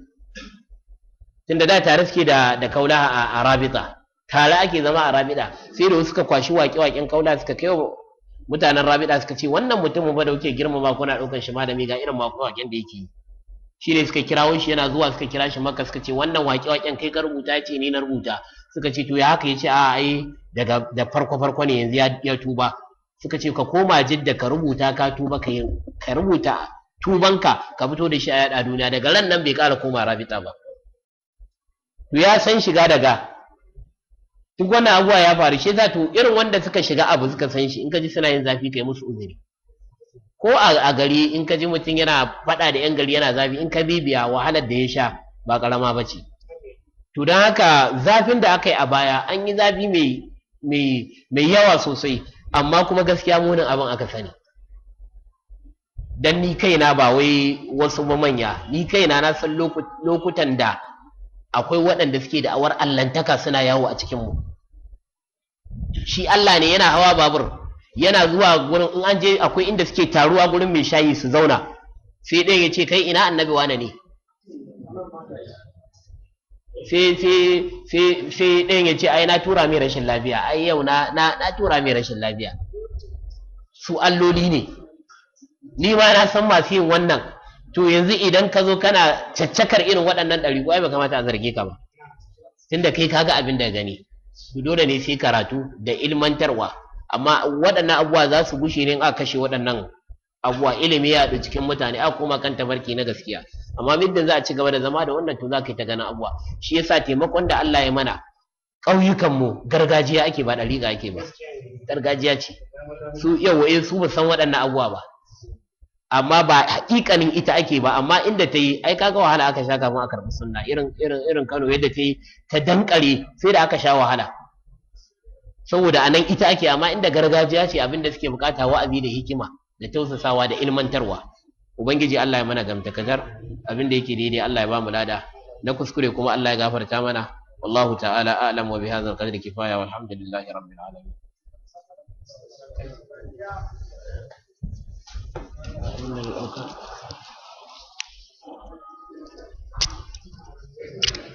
tunda da tare suke da da kaula a arabita tare ake zama a Rabida? sai da suka kwashi waƙe-waƙen kaula suka kai mutanen Rabida? suka ce wannan mutumin ba da kuke girmama kuna ɗaukar shi malami ga irin waƙe-waƙen da yake shi ne suka kirawo shi yana zuwa suka kira shi maka suka ce wannan waƙe-waƙen kai ka rubuta ce ni na rubuta suka ce to ya haka ya ce a ai daga da farko farko ne yanzu ya tuba suka ce ka koma jidda ka rubuta ka tuba ka ka rubuta tubanka ka fito da shi a yada duniya daga ran nan bai kara koma rabita ba to ya san shiga daga duk wannan abuwa ya faru shi za to irin wanda suka shiga abu suka san shi in ka ji suna yin zafi kai musu uzuri ko a gari in ka ji mutum yana faɗa da yan gari yana zafi in ka bibiya wahalar da ya sha ba karama bace. ce to don haka zafin da aka yi a baya an yi zafi mai mai yawa sosai amma kuma gaskiya munin abin aka sani Don ni kaina ba wai wasu ba manya ni kaina na san lokutan da akwai waɗanda suke da awar allantaka suna yawo a cikinmu shi Allah ne yana hawa babur yana zuwa gurin in an je akwai inda suke taruwa gurin mai shayi su zauna sai ɗaya ya ce kai ina annabi wane ne sai ɗin ɗayan ya ce ai na tura mai rashin lafiya ai yau na tura mai rashin lafiya su alloli ne ni ma na san masu yin wannan to yanzu idan ka zo kana caccakar irin waɗannan ɗari ai ba kamata a zarge ka ba tunda kai kaga abin da gani dole ne sai karatu da ilmantarwa amma waɗannan abubuwa za su gushe ne a kashe waɗannan abubuwa ilimi ya haɗu cikin mutane a koma kan barki na gaskiya amma bidin za a ci gaba da zama da wannan to za ka yi ta ganin abuwa shi yasa taimakon da Allah ya mana ƙauyukan mu gargajiya ake ba ɗariƙa ake ba gargajiya ce su yawa eh su ba san waɗannan abuwa ba amma ba haƙiƙanin ita ake ba amma inda ta yi ai kaga wahala aka sha kafin a karɓi sunna irin irin irin Kano yadda ta yi ta dankare sai da aka sha wahala saboda anan ita ake amma inda gargajiya ce abinda suke bukata wa'azi da hikima da tausasawa da ilmantarwa ubangiji Allah ya mana gamtakadar abin da yake daidai Allah ya ba mu lada na kuskure kuma Allah ya gafarta mana wallahu ta'ala a'lam wa bihadha alqadri kifaya walhamdulillahi rabbil alamin Thank you.